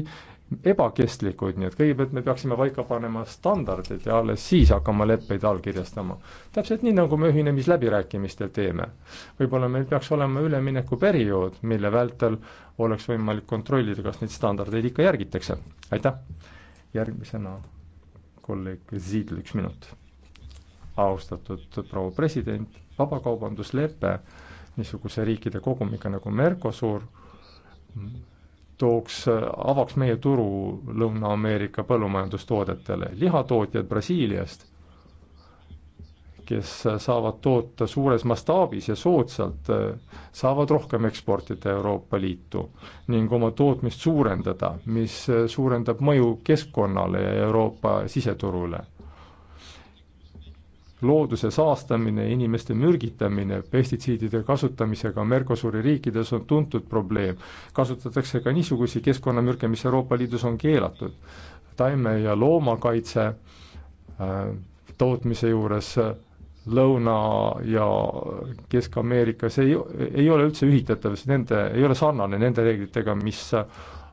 ebakestlikud, nii et kõigepealt me peaksime paika panema standardid ja alles siis hakkama leppeid allkirjastama. täpselt nii, nagu me ühinemisläbirääkimistel teeme. võib-olla meil peaks olema üleminekuperiood, mille vältel oleks võimalik kontrollida, kas neid standardeid ikka järgitakse. aitäh! järgmisena kolleeg Ziidl, üks minut. austatud proua president vabakaubanduslepe niisuguse riikide kogumiga nagu Mercosur tooks, avaks meie turu Lõuna-Ameerika põllumajandustoodetele, lihatootjad Brasiiliast, kes saavad toota suures mastaabis ja soodsalt, saavad rohkem eksportida Euroopa Liitu ning oma tootmist suurendada, mis suurendab mõju keskkonnale ja Euroopa siseturule looduse saastamine, inimeste mürgitamine pestitsiidide kasutamisega Mercosuri riikides on tuntud probleem. kasutatakse ka niisuguseid keskkonnamürke, mis Euroopa Liidus on keelatud. taime- ja loomakaitse äh, tootmise juures äh, Lõuna- ja Kesk-Ameerikas ei, ei ole üldse ühitatav, sest nende, ei ole sarnane nende reeglitega, mis äh,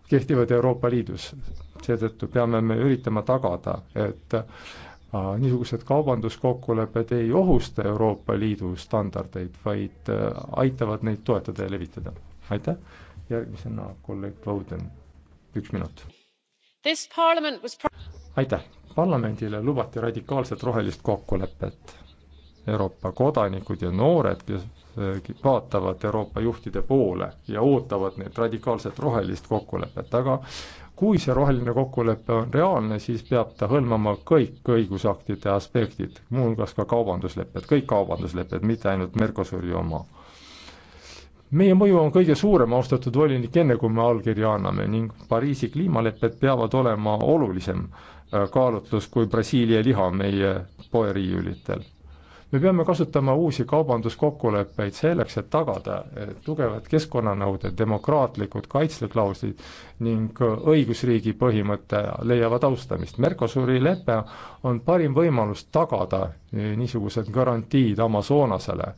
kehtivad Euroopa Liidus. seetõttu peame me üritama tagada, et niisugused kaubanduskokkulepped ei ohusta Euroopa Liidu standardeid, vaid äh, aitavad neid toetada ja levitada. aitäh, järgmisena kolleeg Clauden, üks minut. aitäh, parlamendile lubati radikaalset rohelist kokkulepet. Euroopa kodanikud ja noored, kes äh, vaatavad Euroopa juhtide poole ja ootavad neilt radikaalset rohelist kokkulepet, aga kui see roheline kokkulepe on reaalne, siis peab ta hõlmama kõik õigusaktide aspektid, muuhulgas ka kaubanduslepped, kõik kaubanduslepped, mitte ainult Mercosuri oma. meie mõju on kõige suurem, austatud volinik, enne kui me allkirja anname ning Pariisi kliimalepped peavad olema olulisem äh, kaalutlus kui Brasiilia liha meie poeriiulitel me peame kasutama uusi kaubanduskokkuleppeid selleks, et tagada tugevad keskkonnanõuded, demokraatlikud kaitseklauslid ning õigusriigi põhimõte leiavad austamist. Mercosuri lepe on parim võimalus tagada niisugused garantiid Amazonasele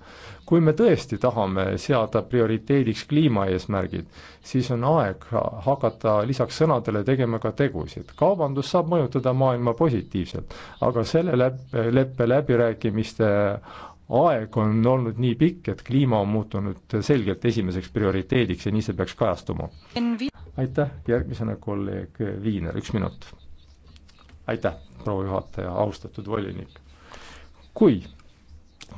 kui me tõesti tahame seada prioriteediks kliimaeesmärgid, siis on aeg hakata lisaks sõnadele tegema ka tegusid. kaubandus saab mõjutada maailma positiivselt, aga selle läb-, leppe läbirääkimiste aeg on olnud nii pikk, et kliima on muutunud selgelt esimeseks prioriteediks ja nii see peaks kajastuma. aitäh, järgmisena kolleeg Viiner, üks minut. aitäh, proua juhataja, austatud volinik. kui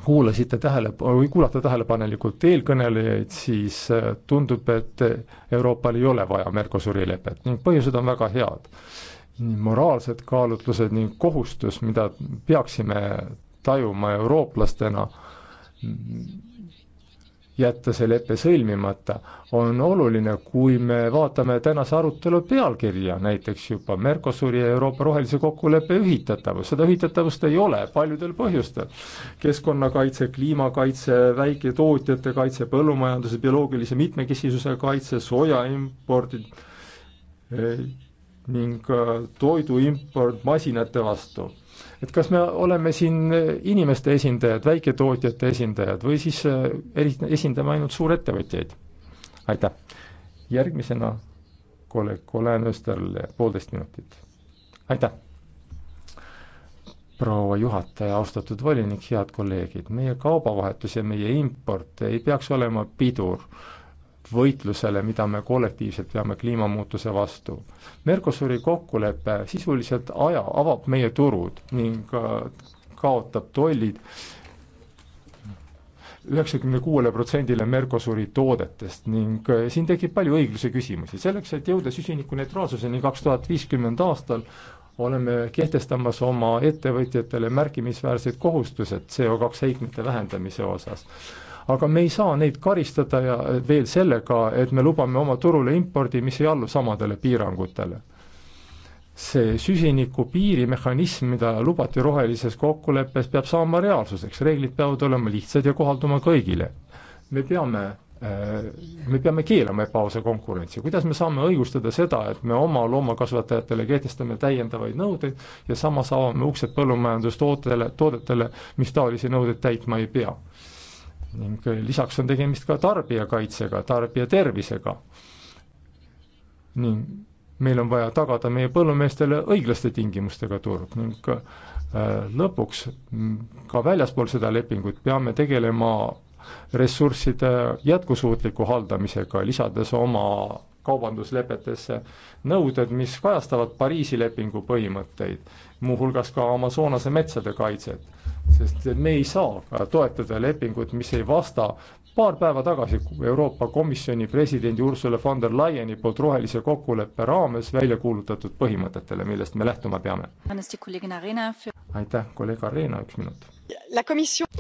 kuulasite tähele, või kuulata tähelepanelikult eelkõnelejaid, siis äh, tundub, et Euroopal ei ole vaja Mercosuri lepet ning põhjused on väga head. nii moraalsed kaalutlused ning kohustus, mida peaksime tajuma eurooplastena, jätta see lepe sõlmimata, on oluline, kui me vaatame tänase arutelu pealkirja, näiteks juba Mercosuri ja Euroopa rohelise kokkuleppe ühitatavus, seda ühitatavust ei ole paljudel põhjustel. keskkonnakaitse, kliimakaitse, väiketootjate kaitse, põllumajanduse bioloogilise mitmekesisuse kaitse, soja impordid eh, ning eh, toidu import masinate vastu et kas me oleme siin inimeste esindajad, väiketootjate esindajad või siis eh, eri-, esindame ainult suurettevõtjaid? aitäh! järgmisena kolleeg Olen Österle poolteist minutit. aitäh! proua juhataja, austatud volinik, head kolleegid, meie kaubavahetus ja meie import ei peaks olema pidur võitlusele, mida me kollektiivselt peame kliimamuutuse vastu. Mercosuri kokkulepe sisuliselt aja, avab meie turud ning äh, kaotab tollid üheksakümne kuuele protsendile Mercosuri toodetest ning äh, siin tekib palju õigluse küsimusi. selleks, et jõuda süsinikuneutraalsuseni kaks tuhat viiskümmend aastal, oleme kehtestamas oma ettevõtjatele märkimisväärsed kohustused CO2 heitmete vähendamise osas aga me ei saa neid karistada ja veel sellega, et me lubame oma turule impordi, mis ei allu samadele piirangutele. see süsiniku piirimehhanism, mida lubati rohelises kokkuleppes, peab saama reaalsuseks, reeglid peavad olema lihtsad ja kohalduma kõigile. me peame äh, me peame keelama ebaausa konkurentsi, kuidas me saame õigustada seda, et me oma loomakasvatajatele kehtestame täiendavaid nõudeid ja samas avame uksed põllumajandustootele, toodetele, mis taolisi nõudeid täitma ei pea ning lisaks on tegemist ka tarbijakaitsega, tarbija tervisega. ning meil on vaja tagada meie põllumeestele õiglaste tingimustega turg ning äh, lõpuks ka väljaspool seda lepingut peame tegelema ressursside jätkusuutliku haldamisega, lisades oma kaubanduslepetesse nõuded, mis kajastavad Pariisi lepingu põhimõtteid, muuhulgas ka Amazonase metsade kaitset sest me ei saa toetada lepingut, mis ei vasta paar päeva tagasi Euroopa Komisjoni presidendi Ursula von der Leyeni poolt rohelise kokkuleppe raames välja kuulutatud põhimõtetele, millest me lähtuma peame. aitäh, kolleeg Arena, üks minut.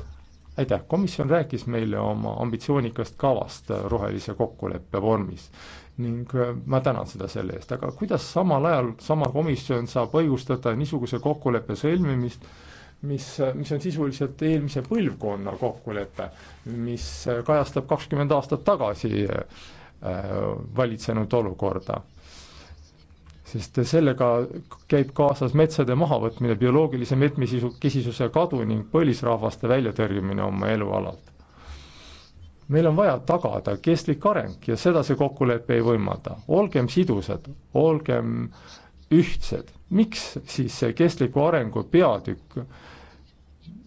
aitäh, komisjon rääkis meile oma ambitsioonikast kavast rohelise kokkuleppe vormis ning äh, ma tänan seda selle eest, aga kuidas samal ajal sama komisjon saab õigustada niisuguse kokkuleppe sõlmimist, mis, mis on sisuliselt eelmise põlvkonna kokkulepe, mis kajastab kakskümmend aastat tagasi äh, valitsenud olukorda. sest sellega käib kaasas metsade mahavõtmine, bioloogilise mitmesisu, kesisuse kadu ning põlisrahvaste väljatõrjumine oma elualalt. meil on vaja tagada kestlik areng ja seda see kokkulepe ei võimalda, olgem sidusad, olgem äh, ühtsed. miks siis see kestliku arengu peatükk,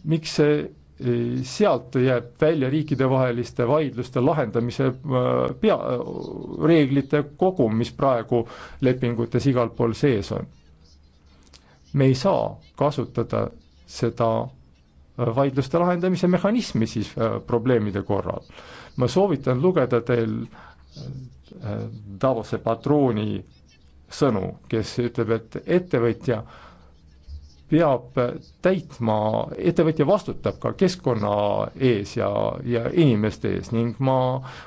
miks see e, sealt jääb välja riikidevaheliste vaidluste lahendamise e, pea, reeglite kogum, mis praegu lepingutes igal pool sees on. me ei saa kasutada seda e, vaidluste lahendamise mehhanismi siis probleemide korral. ma soovitan lugeda teil Davose patrooni sõnu, kes ütleb, et ettevõtja peab täitma, ettevõtja vastutab ka keskkonna ees ja, ja inimeste ees ning ma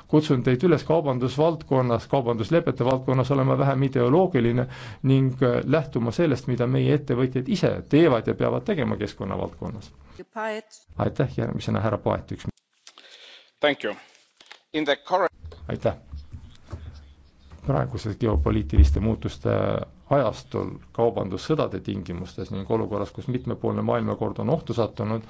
kutsun teid üles kaubandusvaldkonnas, kaubanduslepete valdkonnas olema vähem ideoloogiline ning lähtuma sellest, mida meie ettevõtjad ise teevad ja peavad tegema keskkonna valdkonnas. aitäh, järgmisena härra Paet, üks minut. aitäh praeguse geopoliitiliste muutuste ajastul, kaubandussõdade tingimustes ning olukorras, kus mitmepoolne maailmakord on ohtu sattunud,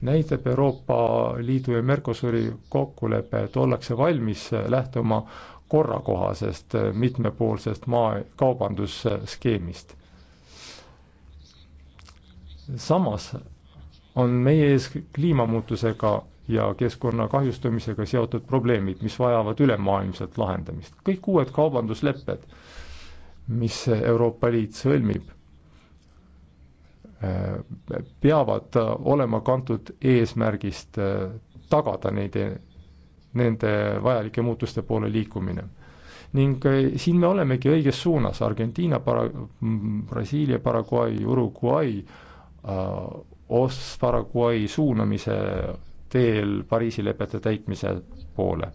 näitab Euroopa Liidu ja Mercosuri kokkulepe, et ollakse valmis lähtuma korrakohasest mitmepoolsest maa, kaubandusskeemist. samas on meie ees kliimamuutusega ja keskkonna kahjustamisega seotud probleemid, mis vajavad ülemaailmset lahendamist. kõik uued kaubanduslepped, mis Euroopa Liit sõlmib, eh, peavad olema kantud eesmärgist eh, tagada neid, nende vajalike muutuste poole liikumine. ning eh, siin me olemegi õiges suunas, Argentiina, Para-, Brasiilia, Paraguay, Uruguay, Os-, Paraguay suunamise teel Pariisi lepete täitmise poole.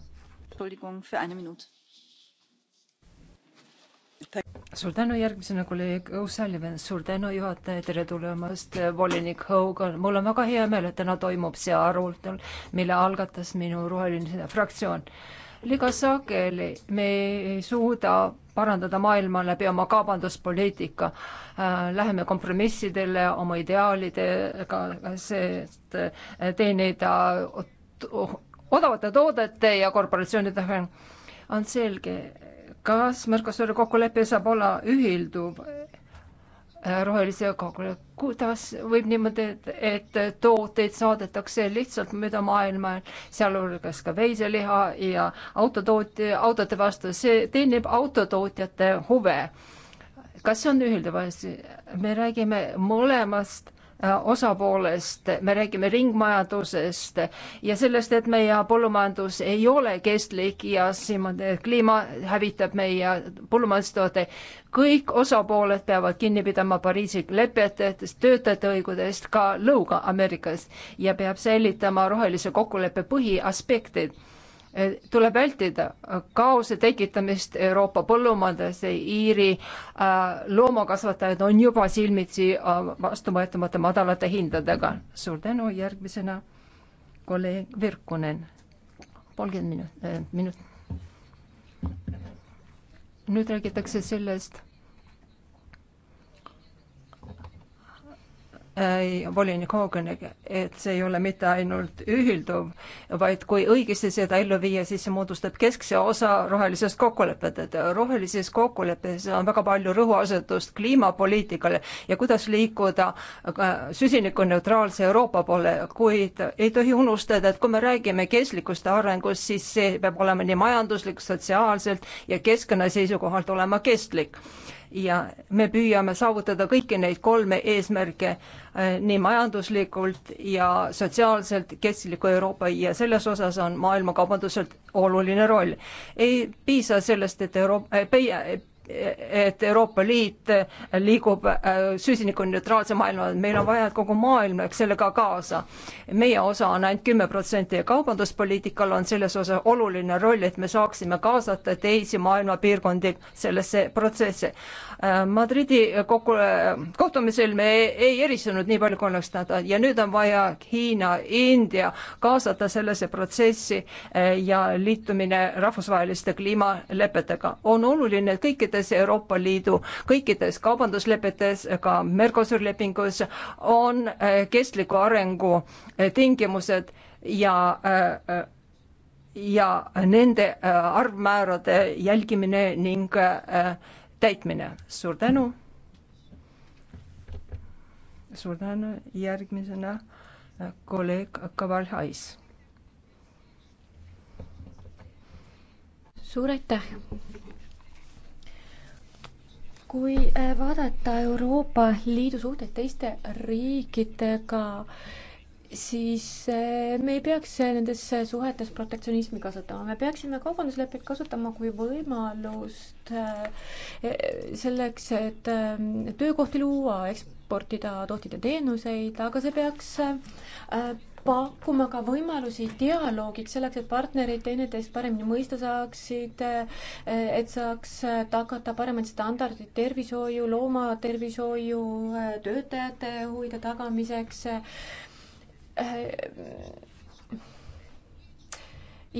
suur tänu, järgmisena kolleeg O'Sullivan, suur tänu juhataja, tere tulemast, volinik Hogan. mul on väga hea meel, et täna toimub see arutelu, mille algatas minu roheline fraktsioon liiga sageli me ei suuda parandada maailma läbi oma kaubanduspoliitika. Äh, Läheme kompromissidele oma ideaalidega, see äh, teenida oh, odavate toodete ja korporatsioonide vahel. on selge, kas Mercosuri kokkulepe saab olla ühilduv rohelise kokkuleppe. kuidas võib niimoodi, et, et tooteid saadetakse lihtsalt mööda maailma, sealhulgas ka veiseliha ja autotootja, autode vastu, see teenib autotootjate huve. kas see on ühildav asi? me räägime mõlemast osapoolest, me räägime ringmajandusest ja sellest, et meie põllumajandus ei ole kestlik ja siin kliima hävitab meie põllumajandustoote. kõik osapooled peavad kinni pidama Pariisi lepetest, töötajate õigudest, ka Lõuga-Ameerikas ja peab säilitama rohelise kokkuleppe põhiaspektid Eh, tuleb vältida kaose tekitamist Euroopa põllumajandus, Iiri äh, loomakasvatajad on juba silmitsi äh, vastuvõetamata madalate hindadega. suur tänu, järgmisena kolleeg Virkunen, kolmkümmend minut äh,, minut. nüüd räägitakse sellest volinik Hooganiga, et see ei ole mitte ainult ühilduv, vaid kui õigesti seda ellu viia, siis see moodustab keskse osa rohelisest kokkulepet, et rohelises kokkuleppes on väga palju rõhuasetust kliimapoliitikale ja kuidas liikuda süsinikuneutraalse Euroopa poole, kuid ei tohi unustada, et kui me räägime kestlikust arengust, siis see peab olema nii majanduslik, sotsiaalselt ja keskkonna seisukohalt olema kestlik ja me püüame saavutada kõiki neid kolme eesmärke äh, nii majanduslikult ja sotsiaalselt kestliku Euroopa ja selles osas on maailmakaubanduselt oluline roll. ei piisa sellest, et Euroopa, äh, et Euroopa Liit liigub äh, süsinikuneutraalse maailma, meil on vaja, et kogu maailm läheks sellega kaasa. meie osa on ainult kümme protsenti ja kaubanduspoliitikal on selles osas oluline roll, et me saaksime kaasata teisi maailma piirkondi sellesse protsessi. Madridi kokku, kohtumisel me ei, ei eristunud nii palju, kui oleks tahtnud ja nüüd on vaja Hiina, India kaasata sellesse protsessi eh, ja liitumine rahvusvaheliste kliimalepetega. on oluline, et kõikides Euroopa Liidu, kõikides kaubanduslepetes, ka Mercosuri lepingus on eh, kestliku arengu eh, tingimused ja äh, ja nende arvmäärade jälgimine ning äh, täitmine. suur tänu. suur tänu, järgmisena äh, kolleeg Kaval-Hais. suur aitäh kui äh, vaadata Euroopa Liidu suhteid teiste riikidega, siis eh, me ei peaks eh, nendes eh, suhetes protektsionismi kasutama, me peaksime kaubanduslepet kasutama kui võimalust selleks, et töökohti luua, eksportida tooteid ja teenuseid, aga see peaks pakkuma ka võimalusi dialoogiks selleks, et partnerid teineteist paremini mõista saaksid, et saaks tagada paremad standardid tervishoiu, loomatervishoiu, töötajate huvide tagamiseks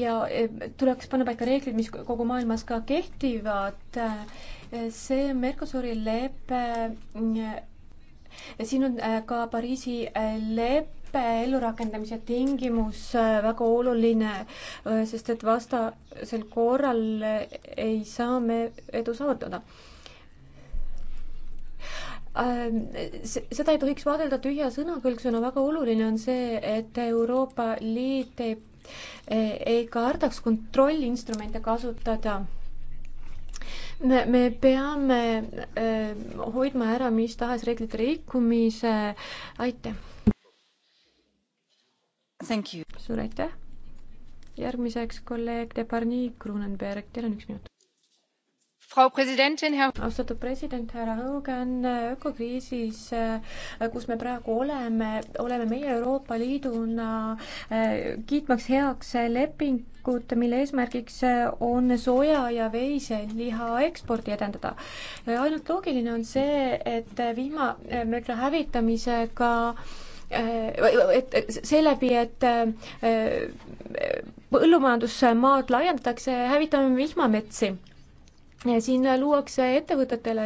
ja eh, tuleks panna paika reeglid, mis kogu maailmas ka kehtivad. Eh, see Mercosuri lepe, eh, siin on ka Pariisi lepe, leppe ellurakendamise tingimus väga oluline, sest et vastasel korral ei saa me edu saavutada. Ähm, seda ei tohiks vaadelda tühja sõnakõlksuna, väga oluline on see, et Euroopa Liit ei, ei kardaks kontrollinstrumente kasutada. me, me peame äh, hoidma ära mis tahes reeglite rikkumise, aitäh. suur aitäh. järgmiseks kolleeg Debarni Krunenberg, teil on üks minut austatud president, härra Hogan, ökokriisis, äh, kus me praegu oleme, oleme meie Euroopa Liiduna äh, kiitmaks heaks lepingut, mille eesmärgiks äh, on soja ja veiseliha eksporti edendada. ainult loogiline on see, et vihmamööda hävitamisega et seeläbi, et põllumajandusmaad laiendatakse, hävitame vihmametsi siin luuakse ettevõtetele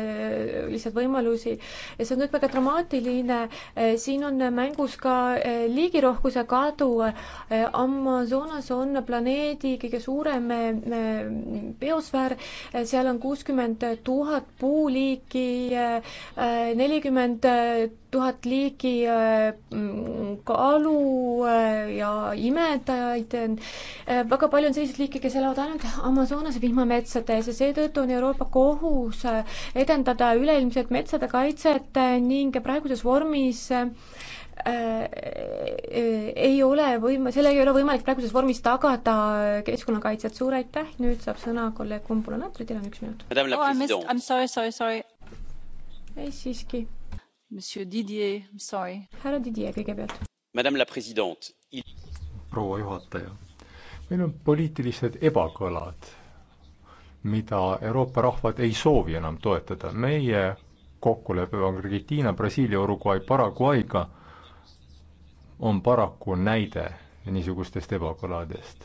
lihtsalt võimalusi ja see on kõik väga dramaatiline. siin on mängus ka eh, liigirohkuse kadu. Amazonas on planeedi kõige suurem eh, biosfäär, seal on kuuskümmend tuhat puuliiki, eh, nelikümmend tuhat liiki äh, mm, kalu äh, ja imetajaid. Äh, väga palju on selliseid liike, kes elavad ainult Amazonase vihmametsades ja seetõttu on Euroopa kohus edendada üleilmset metsade kaitset ning praeguses vormis ei ole võim-, sellega ei ole võimalik praeguses vormis tagada keskkonnakaitset, suur aitäh, nüüd saab sõna kolleeg Kumbula-Natri, teil on üks minut. Oh, ei, siiski härra Didier kõigepealt. proua juhataja, meil on poliitilised ebakõlad, mida Euroopa rahvad ei soovi enam toetada. meie kokkulepe Argentiina, Brasiilia, Uruguay, Paraguay'ga on paraku näide niisugustest ebakõladest.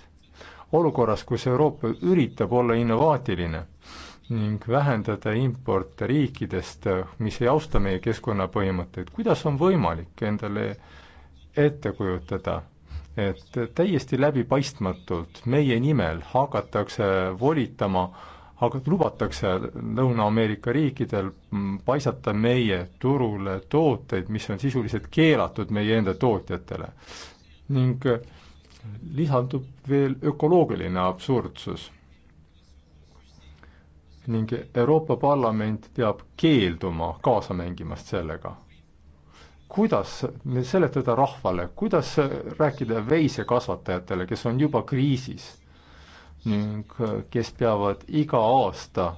olukorras, kus Euroopa üritab olla innovaatiline ning vähendada importe riikidest, mis ei austa meie keskkonnapõhimõtteid, kuidas on võimalik endale ette kujutada, et täiesti läbipaistmatult meie nimel hakatakse volitama, aga lubatakse Lõuna-Ameerika riikidel paisata meie turule tooteid, mis on sisuliselt keelatud meie enda tootjatele. ning lisandub veel ökoloogiline absurdsus ning Euroopa Parlament peab keelduma kaasa mängimast sellega. kuidas seletada rahvale, kuidas rääkida veisekasvatajatele, kes on juba kriisis ning kes peavad iga aasta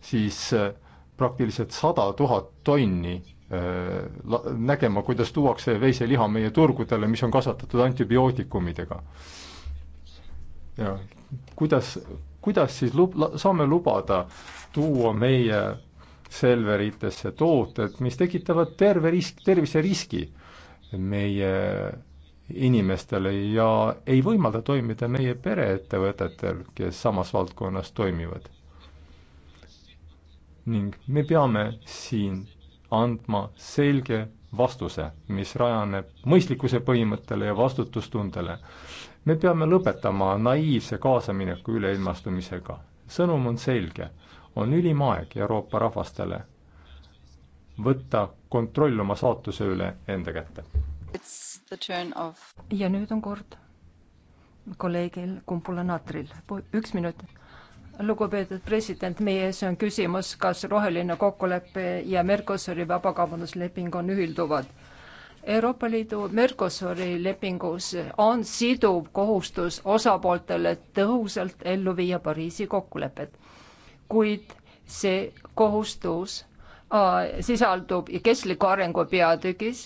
siis äh, praktiliselt sada tuhat tonni äh, la-, nägema, kuidas tuuakse veiseliha meie turgudele, mis on kasvatatud antibiootikumidega. ja kuidas kuidas siis lub-, saame lubada tuua meie Selveritesse tooted, mis tekitavad terve risk, terviseriski meie inimestele ja ei võimalda toimida meie pereettevõtetel, kes samas valdkonnas toimivad. ning me peame siin andma selge vastuse, mis rajaneb mõistlikkuse põhimõttele ja vastutustundele me peame lõpetama naiivse kaasamineku üleilmastumisega. sõnum on selge, on ülim aeg Euroopa rahvastele võtta kontroll oma saatuse üle enda kätte. ja nüüd on kord kolleegil Kumpula-Natril, üks minut lugupeetud president, meie ees on küsimus, kas roheline kokkulepe ja Mercosuri vabakaubandusleping on ühilduvad Euroopa Liidu Mercosuri lepingus on siduv kohustus osapooltele tõhusalt ellu viia Pariisi kokkulepet, kuid see kohustus äh, sisaldub kestliku arengu peatükis,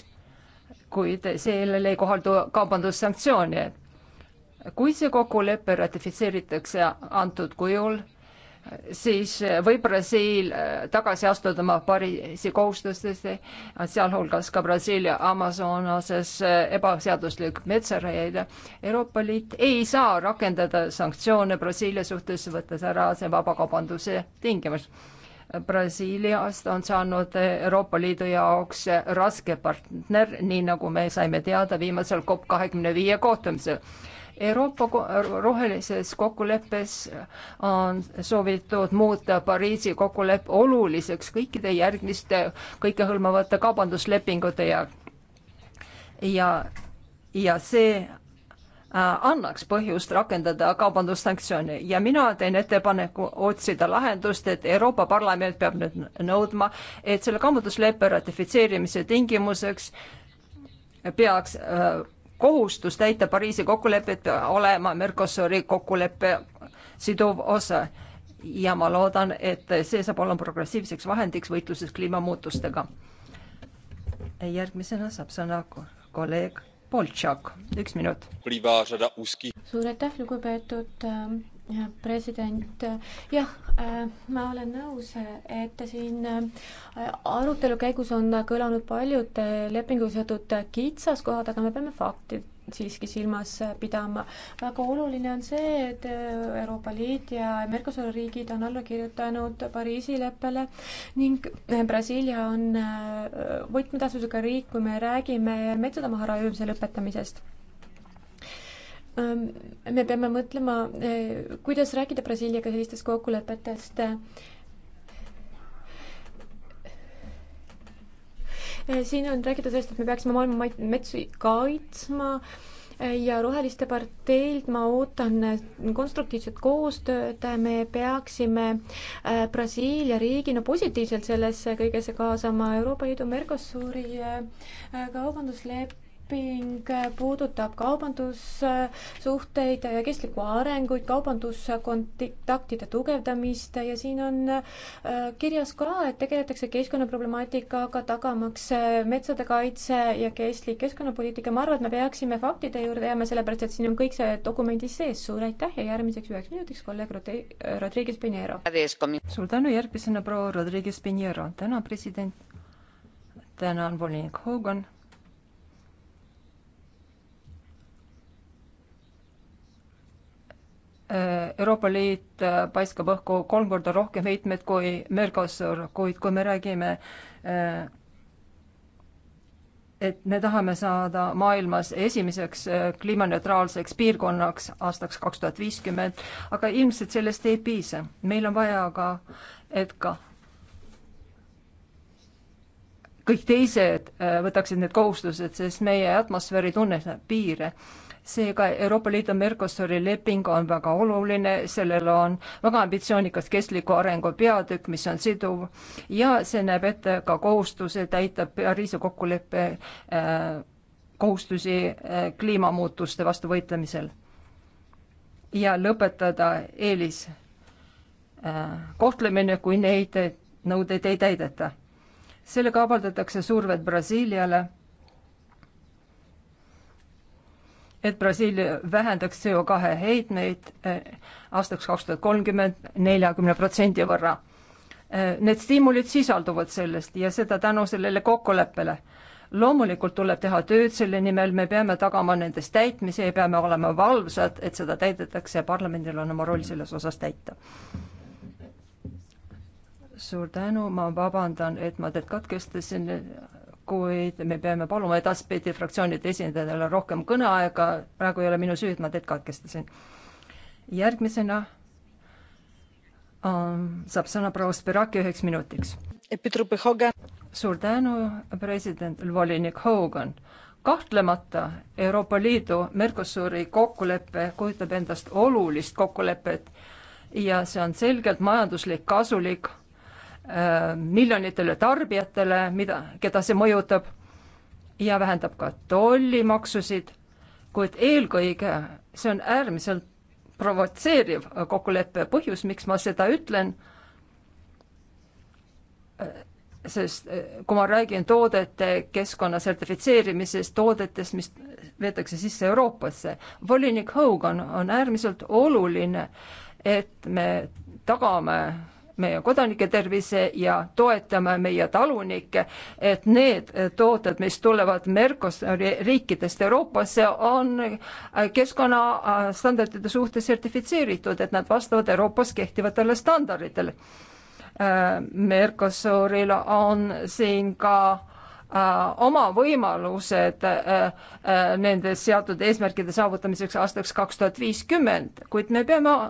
kuid sellele ei kohaldu kaubandussanktsioone. kui see kokkulepe ratifitseeritakse antud kujul, siis eh, võib Brasiil eh, tagasi astuda oma Pariisi kohustustesse, sealhulgas ka Brasiilia Amazonases eh, ebaseaduslik metsaraid. Euroopa Liit ei saa rakendada sanktsioone Brasiilia suhtes, võttes ära see vabakaubanduse tingimus. Brasiiliast on saanud Euroopa Liidu jaoks raske partner, nii nagu me saime teada viimasel COP kahekümne viie kohtumisel Euroopa rohelises kokkuleppes on soovitud muuta Pariisi kokkulepe oluliseks kõikide järgmiste kõikehõlmavate kaubanduslepingute ja ja, ja see äh, annaks põhjust rakendada kaubandussanktsioone ja mina teen ettepaneku otsida lahendust, et Euroopa Parlament peab nüüd nõudma, et selle kaubandusleppe ratifitseerimise tingimuseks peaks äh, kohustus täita Pariisi kokkulepet olema Mercosuri kokkuleppe siduv osa ja ma loodan, et see saab olema progressiivseks vahendiks võitluses kliimamuutustega. järgmisena saab sõna kolleeg Boltšak, üks minut. suur aitäh, lugupeetud ähm, president, jah, äh, ma olen nõus, et siin äh, arutelu käigus on kõlanud paljud äh, lepinguga seotud kitsaskohad, aga me peame fakti siiski silmas pidama. väga oluline on see, et Euroopa Liit ja Mercosuri riigid on alla kirjutanud Pariisi leppele ning Brasiilia on võtmetähtsusega riik, kui me räägime metsade maharaiumise lõpetamisest Ehm, me peame mõtlema, eh, kuidas rääkida Brasiiliaga sellistest kokkulepetest. Eh, siin on räägitud sellest, et me peaksime maailma metsi kaitsma eh, ja Roheliste parteilt ma ootan konstruktiivset koostööd, me peaksime Brasiilia riigina positiivselt sellesse kõigesse kaasama, Euroopa Liidu Mercosuri kaubanduslepp leping puudutab kaubandussuhteid ja kestlikku arengut, kaubanduskontaktide tugevdamist ja siin on äh, kirjas ka, et tegeletakse keskkonnaproblemaatikaga, tagamaks äh, metsade kaitse ja kestlik keskkonnapoliitika. ma arvan, et me peaksime faktide juurde jääma, sellepärast et siin on kõik see dokumendis sees. suur aitäh ja järgmiseks üheks minutiks kolleeg Rodriguez Pinheiro. suur tänu, järgmisena proua Rodriguez Pinheiro. tänan, president. tänan, volinik Hogan Euroopa Liit äh, paiskab õhku kolm korda rohkem heitmeid kui Mercosur, kuid kui me räägime, äh, et me tahame saada maailmas esimeseks äh, kliimaneutraalseks piirkonnaks aastaks kaks tuhat viiskümmend, aga ilmselt sellest ei piisa. meil on vaja ka, et ka kõik teised võtaksid need kohustused, sest meie atmosfäär ei tunne piire seega Euroopa Liidu Mercosuri leping on väga oluline, sellel on väga ambitsioonikas kestliku arengu peatükk, mis on siduv ja see näeb ette ka kohustuse täita Pariisi kokkuleppe äh, kohustusi äh, kliimamuutuste vastu võitlemisel ja lõpetada eelis äh, kohtlemine, kui neid nõudeid ei täideta. sellega avaldatakse survet Brasiiliale et Brasiilia vähendaks CO2 heitmeid eh, aastaks kaks tuhat kolmkümmend neljakümne protsendi võrra. Eh, need stiimulid sisalduvad sellest ja seda tänu sellele kokkuleppele. loomulikult tuleb teha tööd selle nimel, me peame tagama nendest täitmise ja peame olema valvsad, et seda täidetakse ja parlamendil on oma roll selles osas täita. suur tänu, ma vabandan, et ma teid katkestasin kuid me peame paluma edaspidi fraktsioonide esindajatele rohkem kõneaega, praegu ei ole minu süü, et ma teid katkestasin. järgmisena um, saab sõna proua Spiraki üheks minutiks. suur tänu, president volinik Hogan. kahtlemata Euroopa Liidu Mercosuri kokkulepe kujutab endast olulist kokkulepet ja see on selgelt majanduslik kasulik Äh, miljonitele tarbijatele, mida, keda see mõjutab ja vähendab ka tollimaksusid, kuid eelkõige see on äärmiselt provotseeriv kokkuleppe põhjus, miks ma seda ütlen, sest äh, kui ma räägin toodete keskkonna sertifitseerimisest, toodetest, mis veetakse sisse Euroopasse, volinik Hogan on äärmiselt oluline, et me tagame meie kodanike tervise ja toetame meie talunikke, et need tooted, mis tulevad Mercosuri riikidest Euroopasse, on keskkonnastandardite suhtes sertifitseeritud, et nad vastavad Euroopas kehtivatele standarditele. Mercosuril on siin ka äh, oma võimalused äh, äh, nende seatud eesmärkide saavutamiseks aastaks kaks tuhat viiskümmend, kuid me peame